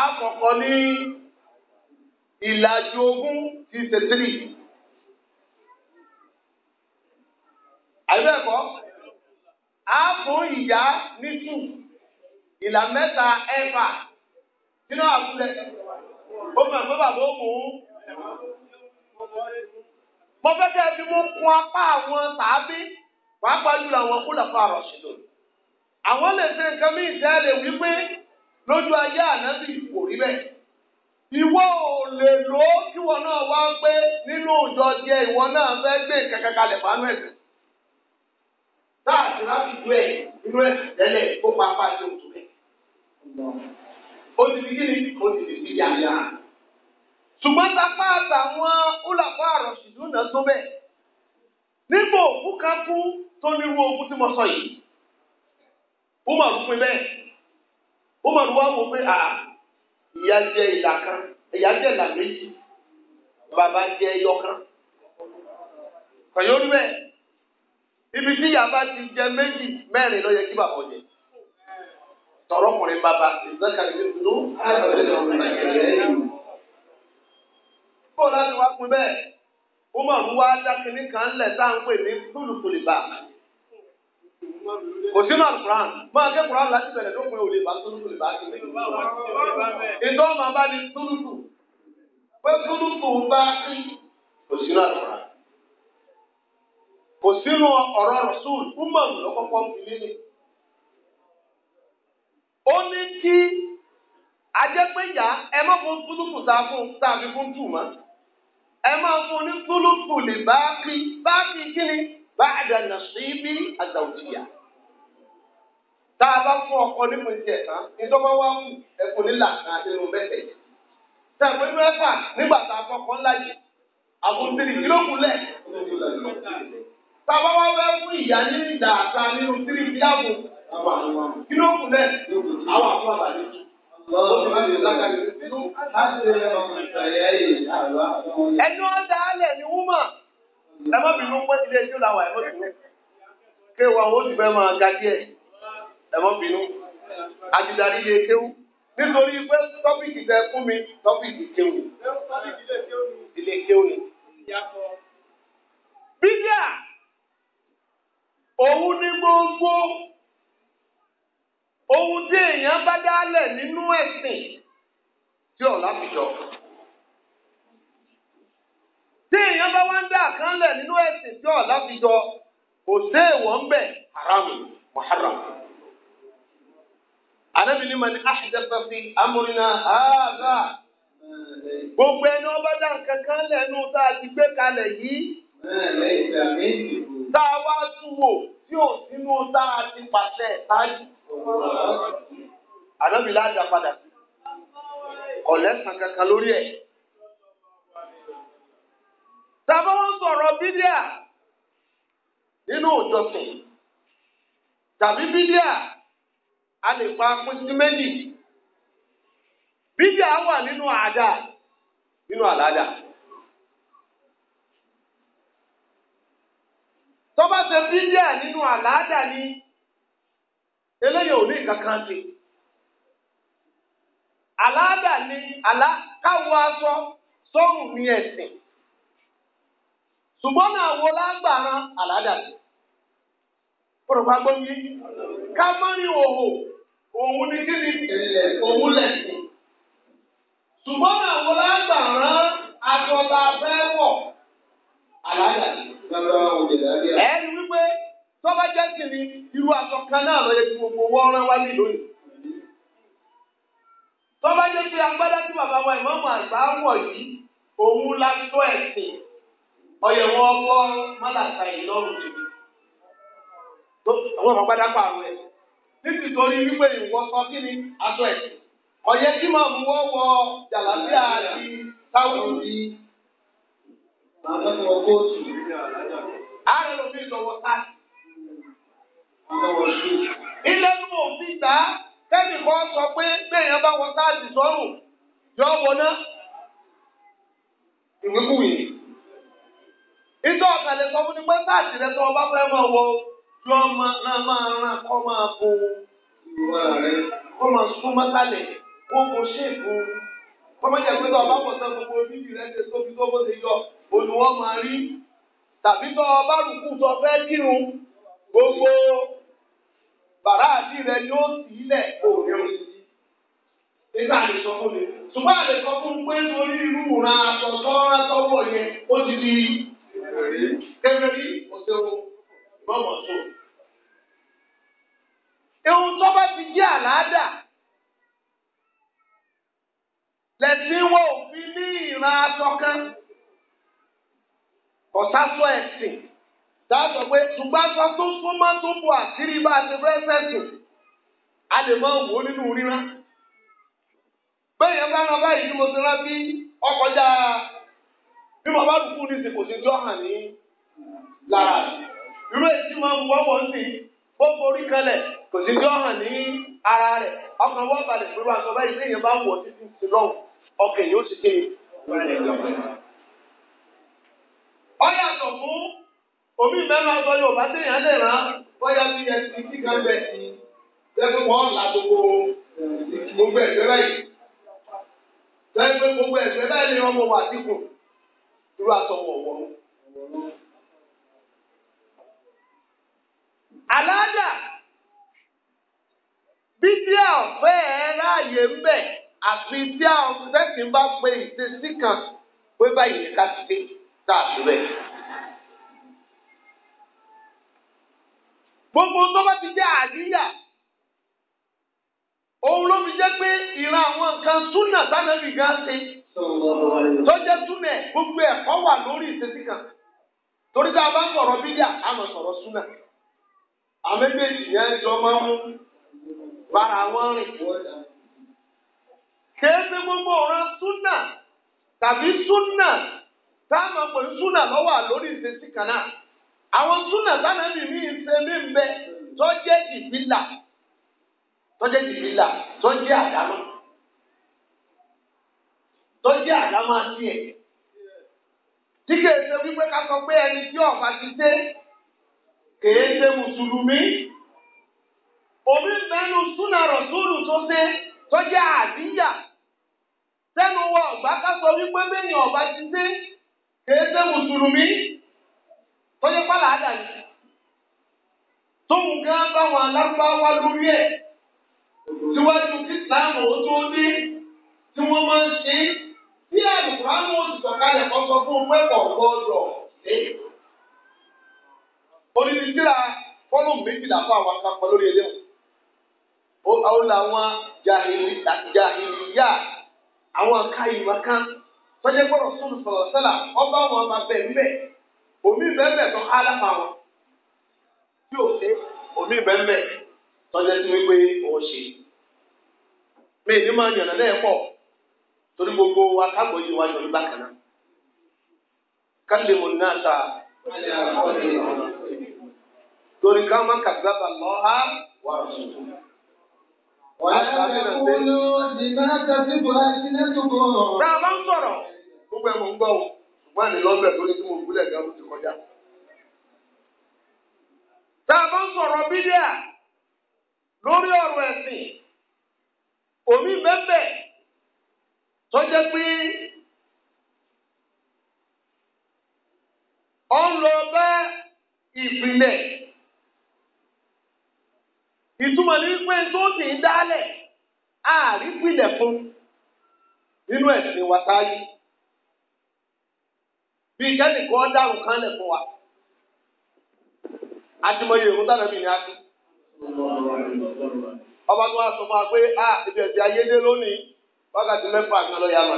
àkọ́kọ́ ní ìlàjì ogún ti tẹ̀sírì. Àbẹ̀kọ́, a fún ìyá ní tù ìlà mẹ́ta ẹ̀fà nínú àbúlẹ̀. Ó mọ̀ pé bàbá ó mú mo fẹ́ kẹ́ ẹ fi mú kun apá àwọn sàábí pàápàá jùlọ àwọn kúlẹ̀ fún àròṣìlò. Àwọn lè ṣe nǹkan mí ìṣẹ́ lè wí pé lójú ayé ànábì kò rí bẹ́ẹ̀. Ìwọ ò lè lò ó kí wọn náà wá pé nínú òjò jẹ ìwọ náà fẹ́ gbé kankan kalẹ̀ fánú ẹ̀sìn. Táà tí wọ́n fi ju ẹ̀ nínú ẹ̀sìn tẹ́lẹ̀ ó pa apá ṣe òtún rẹ̀. Ó ti di kíni? Ó ti di ìyá ya. Ṣùgbọ́n tapá àtàwọn ọlọ́pàá àròṣìdún náà tó bẹ́ẹ̀. Nígbà òkú kan kú tó nírú ogun tí mo sọ yìí. Ó mà rú pin bẹ́ẹ̀. Woman wa wò pé à ìyá jẹ kan jẹ ìlà méjì bàbá jẹ kan. ibi tí ti jẹ méjì mẹ́rin ló yẹ kí bàbá jẹ. Sọ̀rọ̀ kùnrin bàbá ìgbẹ́kẹ̀lé ti dùn ágbẹ̀rẹ̀ lọ́wọ́ ìgbẹ́kẹ̀lé. Bọ́lá ni wàá pín bẹ́ẹ̀. Woman wa dákìní ka lẹ̀ tá à ń pè ní túlùkùlì bàbá. kò sínú àkùrán máa ké kùrán láti bẹ̀rẹ̀ lópin òde bá túlùkù lè bá ké. ìtọ́ máa bá ní túlùkù pé túlùkù bá kí kò sínú àkùrán kò sínú ọ̀rọ̀ rasul umar lọ́kọ́kọ́ fi nílé. ó ní kí ajẹ́pẹ́yà ẹ má fún túlùkù tá a fún tá a fi fún tù mọ́ ẹ má fún ní túlùkù lè bá kí kí ni báàdà nàṣíbí àzàwùjìyà tá a bá fún ọkọ nínú ìjẹ tán ìjọba wa mú ẹkùn nílà kan nínú mẹsẹ yìí tá a pẹ̀lú ẹfà nígbà tá a fọkọ ńlá yìí àbòtìrì kìlókù lẹ tá a bá wá wẹ fún ìyá ní ìdààta nínú tírì bí àbò kìlókù lẹ àwọn àbúrò àbàdé tù. Ẹnu ọ̀dà alẹ̀ ni wúmọ̀ ẹ má bínú pé ilé ẹjọ́ la wà ẹ má bínú kéwù àwọn oṣù fẹ́ máa ga díẹ̀ ẹ má bínú àjùdarí ilé kéwù nítorí pé tọ́pìkì tẹ fún mi tọ́pìkì kéwù ilé kéwù ni. bídíà òun ní gbogbo ohun tí èèyàn bá dálẹ̀ nínú ẹ̀sìn tí ọ̀la fi jọ tí èèyàn bá wá ń dá àkànlẹ̀ nínú ẹ̀sìn tí ọ̀la fi jọ kò sí èèwọ̀ ń bẹ̀ haramu muharram. Ànábì ní mani ahdatha fi amúrinà hàdà. Gbogbo ẹni wọ́n bá dá nǹkan kan lẹ́nu tá a ti gbé kalẹ̀ yìí. Tá a wá tún wò tí ò sínú tá a ti pàṣẹ táyì. Ànábì láàjà padà sí. Ọ̀lẹ́sàn kankan lórí ẹ̀. bídíà nínú òjọsìn tàbí bídíà a lè pa pín sí méjì bídíà wà nínú àdá nínú àlàdà. tọ́ba ṣe bídíà nínú àlàdà ni eléyìí ò ní kankan ṣe àlàdà ni àlá káwọ aṣọ sọ́run ní ẹ̀sìn. ṣùgbọ́n náà wo lágbára àládàbí pọ̀rọ̀pá gbọ́nyé ká má ní òhò òun ní kí ni òun lẹ̀ ṣùgbọ́n náà wo lágbára àjọba fẹ́ wọ̀ àládàbí. ẹni wípé tọ́ba jẹ́ sí ni irú aṣọ kan náà lọ́yẹ tí gbogbo wọ́n rán wálé lónìí. tọ́ba jẹ́ sí agbádá tí bàbá wa ìmọ̀ọ́mọ̀ àgbà wọ̀ yìí òun la sọ ẹ̀sìn. ọyẹ wọn bọ mọlàkà yìí lọrùn tó àwọn ọmọ gbadá pààrọ̀ ẹ títí torí wípé ìwọ sọ kí ni aṣọ ẹ ọyẹ kí máa mú ọ wọ jàlábíà àti táwọn yìí. ilé sọ pé bá wọ táàdì sọ́rùn yọ ìwé ìjọ ọ̀kàlẹ̀ sọ fún ni pé sáàtì rẹ tó ọba fẹ́ máa wọ lọ máa máa ràn kọ́ máa bo ìwà rẹ kọ́ máa sún mọ́tàlẹ̀ kó mo ṣe ìbò kọ́mọ́jà pé tó ọba pọ̀ sọ gbogbo bíbí rẹ ṣe tóbi tó bó ṣe yọ olùwọ́ máa rí tàbí tó ọba rúkú tó fẹ́ kírun gbogbo bàrá rẹ ni ó sì ilẹ̀ òde òsì nígbà àlè sọ fún mi ṣùgbọ́n àlè sọ fún pé torí irú ìran àtọ̀tọ̀ rán sọ́wọ́ yẹn ó ti di. kèfèrí kèfèrí tó. bá ti jẹ́ àlàádà lẹ́sìn wo ní ìran aṣọ kan ọ̀sásọ ẹ̀sìn dáàbò pé ṣùgbọ́n tó tó bu àṣírí bá a ti fẹ́ sẹ́sìn a lè nínú ríran. bí mo bá dùkú ní ìsìnkò sí jọ hàn ní lára irú èsì máa ń wọ́wọ́ ń sìn ó forí kalẹ̀ kò sí jọ hàn ní ara rẹ̀ ọkàn wọ́n balẹ̀ pé wọ́n àtọ́bá ilé yẹn bá wọ̀ títí ti lọ́wọ́ ọkàn yóò sì kéde. ọ yàtọ̀ fún omi mẹ́rin ọgbọ́n yóò bá téèyàn lè rán bóyá bí ẹ ti kí kan bẹ̀ sí lẹ́gbẹ̀ẹ́ wọn là gbogbo gbogbo ẹ̀gbẹ́ báyìí lẹ́gbẹ̀ẹ́ gbogbo ẹ̀gbẹ́ báyìí ni wọ́n mọ̀ wà síkùn irú àtọwọ̀ wọ̀ ọ́. Àlàádà bíbíà ọ̀fẹ́ ẹ̀ ráàyè ń bẹ̀ àfi bí àwọn sẹ́kì bá pe ìṣesí kan pé báyìí ká ṣe dàbí rẹ̀. Gbogbo tó bá ti jẹ́ àníyà òun ló fi jẹ́ pé ìran àwọn nǹkan súnà sánàbì gan ṣe tó jẹ́ súnẹ̀ gbogbo ẹ̀kọ́ wà lórí ìṣesí kan torí tá a bá sọ̀rọ̀ bídíà a máa sọ̀rọ̀ súnà àwọn méjèèjì yẹn jọ máa ń bára wọn rìn kéèké gbogbo ọ̀ràn súnà tàbí súnà tá a máa pè ní súnà lọ́wọ́ lórí ìṣesí kan náà àwọn súnà táwọn ẹbí mi ń ṣe mí ń bẹ tó jẹ́ ìbílà tó jẹ́ ìbílà tó jẹ́ àdámọ́ tó jẹ́ àdámọ́ sí ẹ̀. Tí kìí ṣe wípé ká sọ pé ẹni tí ọ̀pá ti dé kìí ṣe mùsùlùmí. Omi mẹ́nu súnà rọ̀súlù tó dé tó jẹ́ àdíyà. Sẹ́nu wọ ọ̀gbá ká sọ wípé bẹ́ẹ̀ni ọ̀pá ti dé kìí ṣe mùsùlùmí tó jẹ́ pàlà àdàní. Tóun gán bá wọn alárúbáwá lórí ẹ̀. Síwájú kí Ìsìláàmù ó tó dé tí wọ́n máa ń ṣe é tí àgùkùrá mú oṣù sọ̀kalẹ̀ kan sọ fún un pé ọ̀gbọ́ lọ dé. Onídìí síra fọ́lùm méjìlá fún àwọn akapọ̀ lórí eléwọ̀n. Ó làwọn jàhìlìyà àwọn ká ìwà kan tọ́jú gbọ́dọ̀ sọ̀rọ̀ sọ̀rọ̀ sẹ́là ọba wọn máa bẹ̀ ńbẹ̀ omi bẹ́ẹ̀ tó há lápá wọn. Bí o ṣe omi bẹ́ẹ̀ tọ́jú tí wípé o ṣe. Mi ní máa yànnà lẹ́ẹ̀kọ́. torí gbogbo wa káàbọ̀ yìí wájú ọdún bákan náà kálímù náà ta torí ká má kàgbábà lọ á wà tuntun. Tá a bá ń sọ̀rọ̀, gbogbo ẹ̀ mọ̀ ń gbọ́ o, ṣùgbọ́n àní lọ́bẹ̀ lórí tí mo ti kọjá. a bá ń sọ̀rọ̀ lórí ọ̀rọ̀ ẹ̀sìn, òmí bẹ́ẹ̀ bẹ́ẹ̀. tó jẹ́ pé ọ ń lọ bá ìpìlẹ̀ ìtumọ̀ ní pé tó sì ń dálẹ̀ àrípìlẹ̀ fún nínú ẹ̀sìn wa sáyé bí kẹ́nìkan dárò kánlẹ̀ fún wa àtìmọye ìrún a kú ọba tó sọ fún wa a ah, ibi ebi ayé dé wákàtí mẹ́fà kan ló yá ma.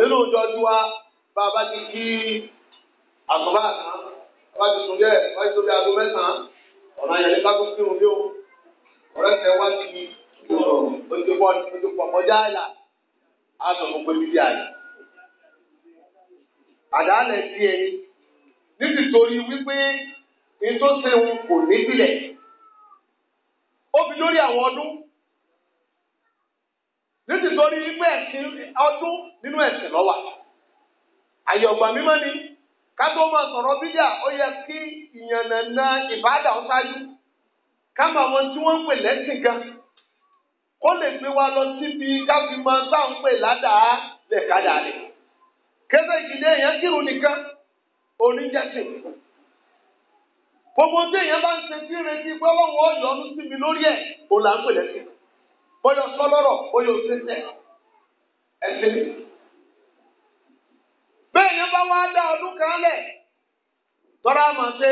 nínú ìjọ tí wa bá a bá ti kí àkọ́bá kan bá ti sùn díẹ̀ bá ti tóbi aago mẹ́sàn-án ọ̀nà yẹn ní kákó kírun bí o ọ̀rẹ́ tẹ wá sí i ojú pọ̀ ojú pọ̀ kọjá àyà á sọ fún pé bíbí àyè. àdáálẹ̀ sí ẹni nítorí wípé ní tó ṣe òun kò ní sílẹ̀ ó fi lórí àwọn ọdún. nítìtorí pé ẹ̀sìn ọdún nínú ẹ̀sìn lọ́wà àyè ọ̀gbà mímọ́ ni ká tó máa sọ̀rọ̀ bídíà ó yẹ kí ìyànnànà ìbádà ó ṣáájú ká máa wọn tí wọ́n ń pè lẹ́sìn gan kó lè gbé wa lọ síbi ká fi máa bá ń pè ládàá lẹ̀kadà rẹ̀ kẹ́sẹ̀ ìdílé èèyàn gbogbo tí èèyàn bá ń ṣe sí ìrètí pé ọlọ́run ọ̀yọ́ ọdún síbi lórí ẹ̀ òun là ń pè bóyá sọlọ́rọ̀ bóyá òṣèṣẹ́ ẹ̀ṣẹ̀. bẹ́ẹ̀ ni bá wá dá ọdún kan lẹ̀ tọ́ra máa ṣe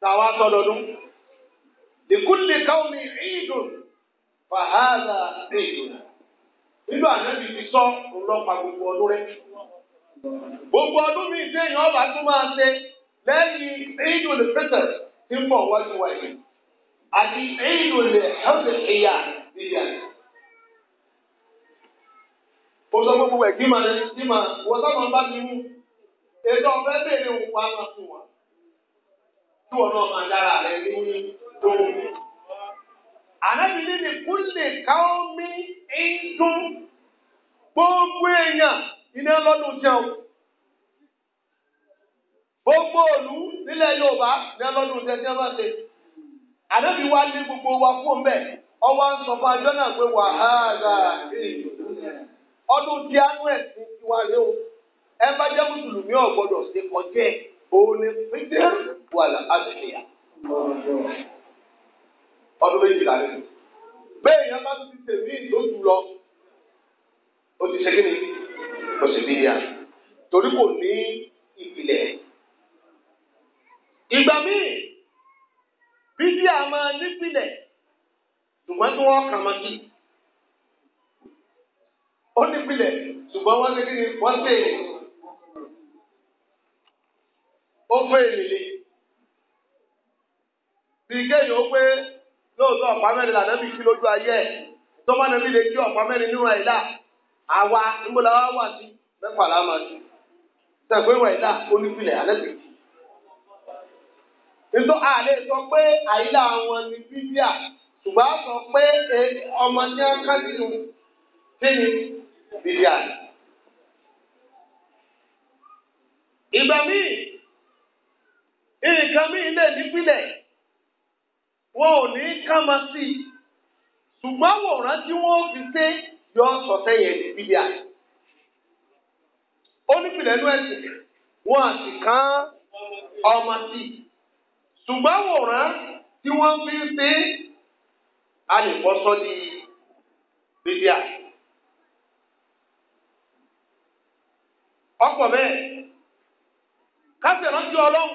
tàwa sọdọ̀dún. lèkúlè káwọn ìdùn fàhálà ìdùn. nínú ànábì ti sọ ọlọ́pàá gbogbo ọdún rẹ. gbogbo ọdún mi ìdí èèyàn ọba tún máa ṣe lẹ́yìn ìdùn lè pẹ́tẹ̀ tí ń bọ̀ wájú wáyé àti ìlú rẹ̀ hẹ́fẹ̀ ìyá ìyá. Ó sọ fún gbogbo ẹ̀ kí máa kí máa wọ́n sábà bá ti mú. Èdè ọ̀fẹ́ bèèrè òun pa máa fún wa. Kí wọ́n náà máa dára rẹ̀ ní lóhun. Ànábìlí ni kúlè káwọ́ mi ń dún. Gbogbo èèyàn iná lọ́dún jẹun. Gbogbo òlú nílẹ̀ Yorùbá ní ọlọ́dún jẹ tí wọ́n bá ṣe. ànábì wa lé gbogbo wa fún mẹ ọwọ́ ń sọ fún ajọ́ náà pé wàhálà ọdún tí a nú ẹ̀sìn tiwa rẹ o ẹ bá jẹ́ mùsùlùmí ò ṣe kọjá òun ni pété wà ọdún méjìlá yẹn bá ti lọ ti ṣe kí bíbí àmọ́ nípìnlẹ̀ ṣùgbọ́n tí wọ́n kà máa kí. ó nípìnlẹ̀ ṣùgbọ́n wọ́n ti kí wọ́n ti èlé. ó fẹ́ èlé. bí kéèyàn ó pé lóòótọ́ ọ̀pá mẹ́rin lànà bí kí lójú ayé ẹ̀ tọ́mọ́ nàbí lè kí ọ̀pá mẹ́rin nínú àìlá àwa nígbòláwá wà sí mẹ́fà láàmà sí. sẹ́gbẹ́ ìwà ìlà onípìnlẹ̀ àlẹ́ bìí nítorí àlè sọ pé àyílà wọn ni bíbíà ṣùgbọ́n a sọ pé ọmọ ní akájínú kíni bíbíà. ìgbà míì nǹkan míì lè nípìnlẹ̀ wọn ò ní ká máa sí i ṣùgbọ́n àwòrán tí wọ́n fi ṣe yọ sọ̀tẹ́ yẹn ní bíbíà. ó nípìnlẹ̀ nú ẹ̀sìn wọn àti kán ọmọ sí i. ṣùgbọ́n àwòrán tí wọ́n fi ń ṣe a lè bọ́ di bíbíà. ọkọ̀ bẹ́ẹ̀ káṣẹ̀ rántí ọlọ́run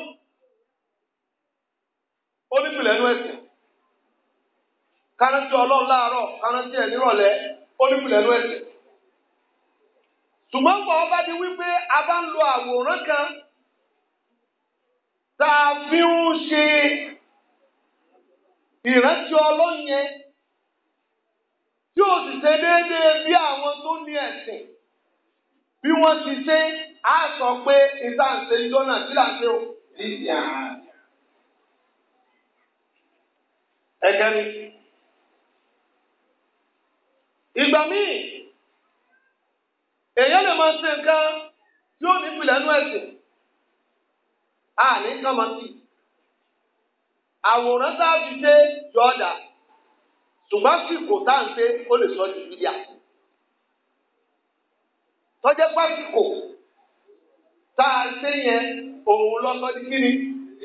ó ní ìpìlẹ̀ ẹnu ẹ̀sìn kárántí ọlọ́run láàárọ̀ kárántí ẹ̀ nírọ̀lẹ́ ní ẹnu ọba wípé a bá ń kan. tá a fi ń ṣe ìrántí ọlọ́run yẹn tí ó sì ṣe déédéé bí àwọn tó ní ẹ̀sìn bí wọ́n ti ṣe á sọ pé ìsáǹṣe jọ́nà síláṣẹ́ o. Ẹ̀jẹ̀ mi. Ìgbà míì, èèyàn lè máa ṣe nǹkan tí ó ní ìpìlẹ̀ nú ẹ̀sìn. Ha kàmá sí àwòrán tá a fi ṣe yọ ọ̀dà sọ ní yẹn òun lọ́sọ́ dị kíni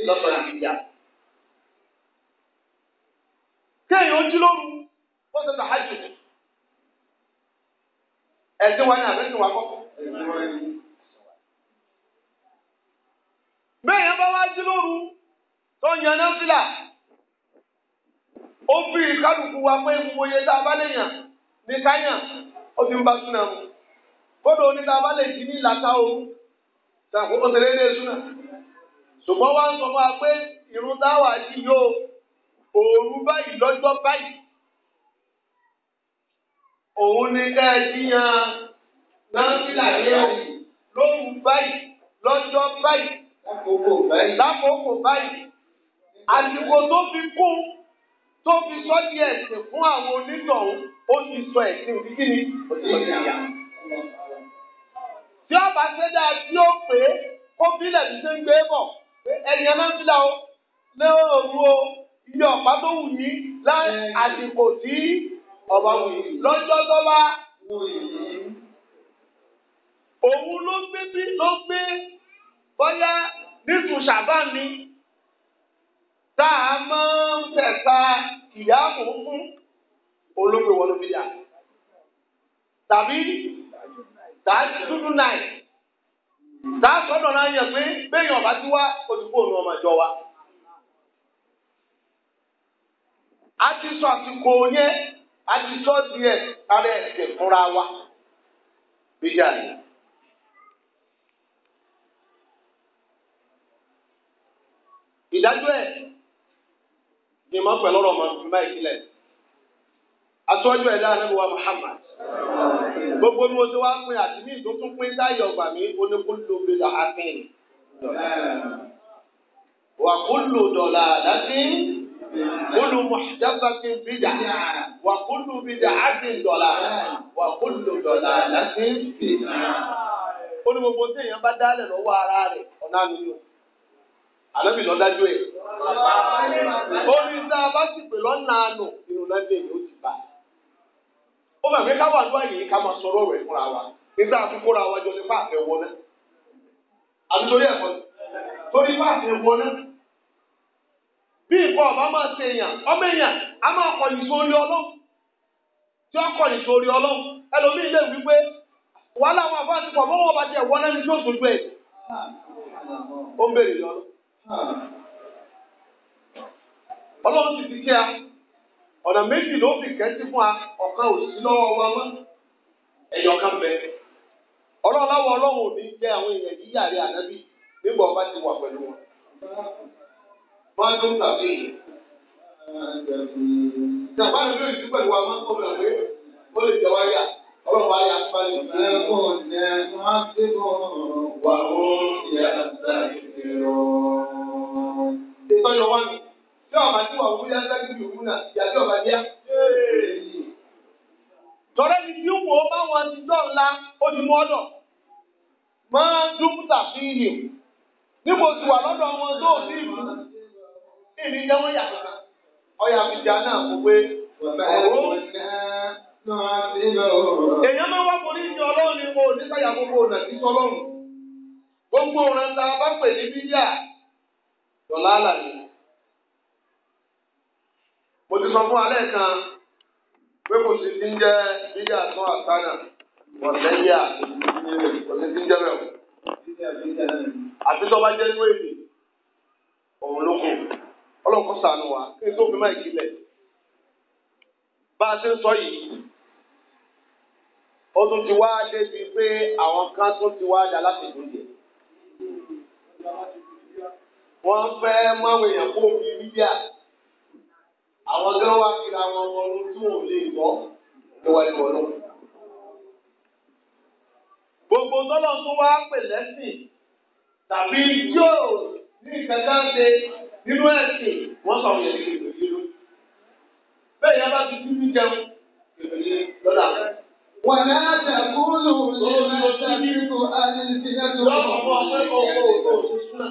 lọ́sọ́ ní ìdíyà. kéèyàn ojú lóru ó ṣe tàhájù wa bẹ́ẹ̀ yẹn bá wá jí lóru tó yan sílà ó fi kálukú wa pé gbogboyè tá a bá lè yàn ní káyàn ó fi ń bá súnà mu kódò ní tá a bá lè jí ní ìlàta o tàbí ó tẹ̀lé ilé súnà ṣùgbọ́n wá ń sọ fún wa pé irun táwa yìí yóò òru báyìí lọ́jọ́ báyìí òun ni ká ẹ yíyan náà sílà ní ẹ̀yìn lóru báyìí lọ́jọ́ báyìí lákòókò báyìí àsìkò tó fi kún tó fi sọ di ẹ̀sìn fún àwọn onítọ̀hún ó ti sọ ẹ̀sìn kíkí ni ó ti sọ di ìyá. tí ọba ṣẹ́dá tí ó pé kó bílẹ̀ ní ṣe ń gbé bọ̀ ẹ̀yìn ẹ̀ máa ń fi dá o lé òru o iye ọ̀pá tó wù ní láì àsìkò tí ọba wù yìí lọ́jọ́ tó bá wù yìí. òun ló gbé bí ló gbé bóyá nísun ṣàbá mi tá a máa ń tẹ̀ka ìyá mò ń fún olóògbé wọlé bíyà tàbí tàbí dúdú náì tàbí náà yẹ pé béèyàn bá ti wá olùkó òun ọmọ ìjọ wa. a ti sọ àsìkò yẹn a ti sọ díẹ̀ ara ẹsẹ fúnra wa bíyà ni. ìdájọ́ ẹ̀ ni máa ń pẹ̀ lọ́rọ̀ ọmọ ìfúnná ìpínlẹ̀ aṣọ́jú ẹ̀dá anábíwá Muhammad gbogbo ní oṣù wa pin àti ní ìdókún pin dáyọ̀ ọgbà mi oníkúlù bílà ápìn wà kúlù dọ̀là láti kúlù mọ̀ṣáfàkì bídà wà kúlù wà kúlù láti ó ní gbogbo tí èèyàn bá lọ́wọ́ ara rẹ̀ ọ̀nà ànábì lọ dájú ẹ̀. orí tá bá sì pè lọ́nà àánú irun náà dé yóò ti bá ó mà pé káwá ló àyè ká máa sọ̀rọ̀ rẹ̀ fúnra wa nígbà tó kóra wa jọ nípa àfẹ́ náà. àbí torí ẹ̀kọ́ torí náà. bí ọba máa ṣe èèyàn ọmọ èèyàn máa ọlọ́run ti fi kí a ọ̀nà méjì ló fi kẹ́sí fún wa ọ̀kan ò sí lọ́wọ́ wa mọ́ ẹ̀yọ̀ kan bẹ̀. ọlọ́run láwọn ọlọ́run ò ní ọba ti wà pẹ̀lú wọn. máa ń tàbí yìí. ìjàmbá pẹ̀lú wa máa ń kọ́ mi àgbẹ̀ ó lè jẹ́ wáyà ọlọ́run wáyà àtúbálẹ̀. tọ́yọ̀ wá mi tí ọba tí ya wúlé ya mi òkú náà ya tí ọba díá. tọ́lá ni bí wò ó wọn ti tọ́ ńlá ó ti ihe ọ̀dọ̀ máa wọn tó ò sí ìlú ìní jẹ́ wọ́n ìjọ ọlọ́run mo ní sáyà gbogbo ọ̀nà gbogbo bá pè lọ́lá àlè. mo ti sọ fún alẹ́ kan pé kò sí ti ń jẹ́ bíyà tún àtànà ọ̀lẹ́yà kò sí ti ń jẹ́ bẹ́ẹ̀ àti tó jẹ́ inú èdè òun ló kù ọlọ́kùn sànù wa kí tó fi máa bá a ti ń sọ wọ́n fẹ́ máwọn èèyàn kó omi bíbíà àwọn gan wá kíra wọn wọnú tí wọn ò lè gbọ́ ìwọlé wọnú. gbogbo tọ́lọ̀ tó wá pè lẹ́sìn tàbí yóò ní ìkẹta ṣe nínú ẹ̀sìn wọ́n sọ wọ́n yẹn ní ìgbèlè ló. bẹ́ẹ̀ yẹn bá ti kú ní jẹun ìgbèlè lọ́la. Wàlá àtàkùn lòun ló ń lọ sí ibi tó a ní ìdílé tó ń bọ̀. Lọ́wọ́ ọmọ ọ̀pẹ́ kọ̀ọ̀kan òṣèlú náà.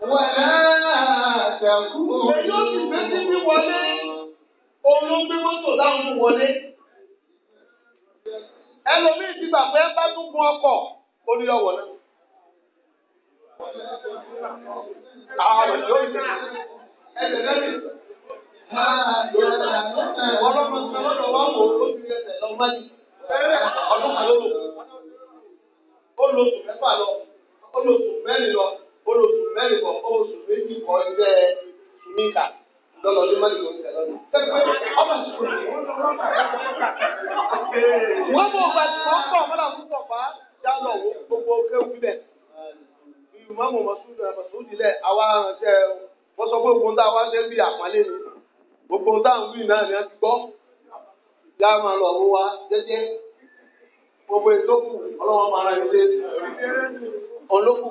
Wẹ̀lẹ́ àtẹ̀kù. Èyí ó sì fẹ́ sí mi wọlé. Òun ló gbé mọ́tò dáhùn wọlé. Ẹlòmíì ti gbà pé bá tún gun ọkọ̀ orí ọwọ́ náà. Àwọn ọ̀rọ̀ yóò ṣe. Ẹsẹ̀ lẹ́yìn. Ọlọ́mọ sọ lọ́dọ̀ wá wò ó ti ẹsẹ̀ lọ mọ́lì. Ọlọ́mọ ló lò. Ó lo oṣù mẹ́fà lọ. Ó lo oṣù mẹ́rin lọ olóṣù mẹ́rin kan kọ́ oṣù méjì kan jẹ́ mìkà lọ́nà ọdún mẹ́rin kan jẹ́ lọ́nà. ọmọ ìṣòro wọ́n mọ̀ ọgbà tí wọ́n kọ́ ọ̀mọ́lá púpọ̀ bá dáná owó gbogbo kéwù bẹ̀. ìmọ̀mù mọ̀súdù mọ̀súdìlẹ̀ àwa ránṣẹ́ wọ́n sọ pé ogun tá a wá ṣe ń bí àpálẹ́ ni gbogbo táwọn wí náà ni wọ́n ti gbọ́. ìyá máa lọ wá jẹ́jẹ́ gbogbo ètò kù ọlọ́wọ́ máa ra ẹni dé ọlọ́kù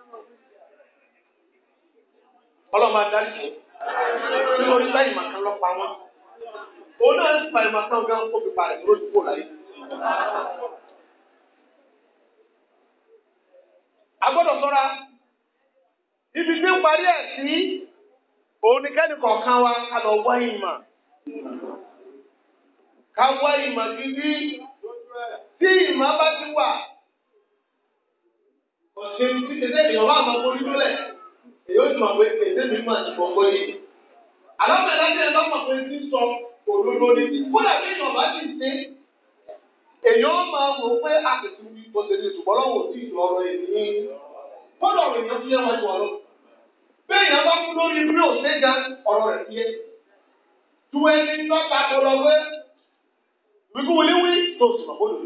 ọlọ́run bá darí jù nítorí báyìí màkà lọ pa wọn òun náà ti parí màkà ọgá ó fi parí ló dúpọ̀ láyé. a gbọ́dọ̀ ṣọ́ra ibi tí ń parí ẹ̀ sí òun ni kẹ́nìkọ̀ọ̀kan wa ká lọ wá ìmọ̀ ká wá ìmọ̀ gidi tí ìmọ̀ bá ti wà ọ̀sẹ̀ ìdílé ìyọ̀wá àmọ́ orí lólẹ̀ èyí ó ti mọ̀ pé èdè mi mà ní gbogbo yìí. Àlọ́bẹ̀dá tí ẹ bá mọ̀ pé ti sọ òdodo ni bí. Kódà bí èèyàn bá ti ṣe, èèyàn máa wò pé àtẹ̀tù mi kò ṣe lè ṣùgbọ́n lọ́wọ́ tí ìlú ọ̀rọ̀ èyí. Kódà ọ̀rọ̀ èèyàn fi yẹ wọn ju ọ̀rọ̀. Bí èèyàn bá fún lórí bí òṣèjà ọ̀rọ̀ rẹ̀ fi yẹ. Tu ẹni tó ta kó lọ pé wíwúwíwí tó sì mọ̀ kódò.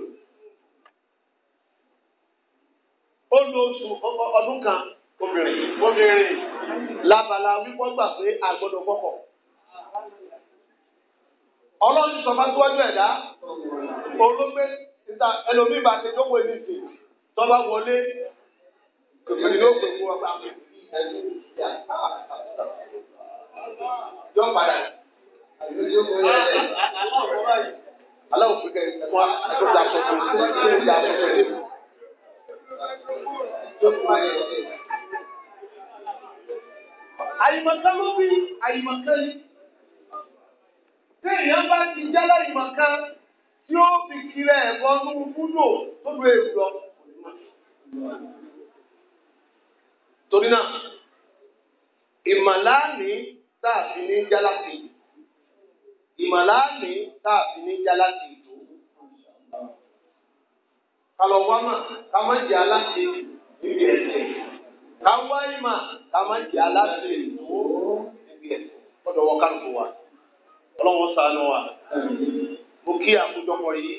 Ó lo oṣù ọdún kan obìnrin obìnrin lábala wípọ́ gbà pé àgbọ̀dọ̀ gbọ́kọ̀. ọlọ́run sọ bá tíwájú ẹ̀dá olóògbé níta ẹlòmíì bá ti jókòó ẹni tì tọ́ba wọlé kòkòrò ní òkè fún ọgbà yọ padà. aláwọ̀ fún kẹ́kẹ́ fún àtúntà tuntun fún àtúntà tuntun àyìmọ̀kan ló bí àyìmọ̀kan ni. Tí èèyàn bá ti já láyìmọ̀kan tí ó fi kiri ẹ̀kọ́ tó ń fúdò tó lu èrò lọ. Torí náà, ìmọ̀láàní tààfin ní jálàtì. Ìmọ̀láàní tààfin ní jálàtì ìlú. Kàlọ̀ wá ká má jẹ́ aláṣẹ ìdí ẹ̀sìn káwá ìmà káwá jẹ aláṣẹ ìlú níbi ẹ ọ̀dọ̀ wọn kálukú wa Ọlọ́run ṣàánú wa mo kí àkójọpọ̀ yìí.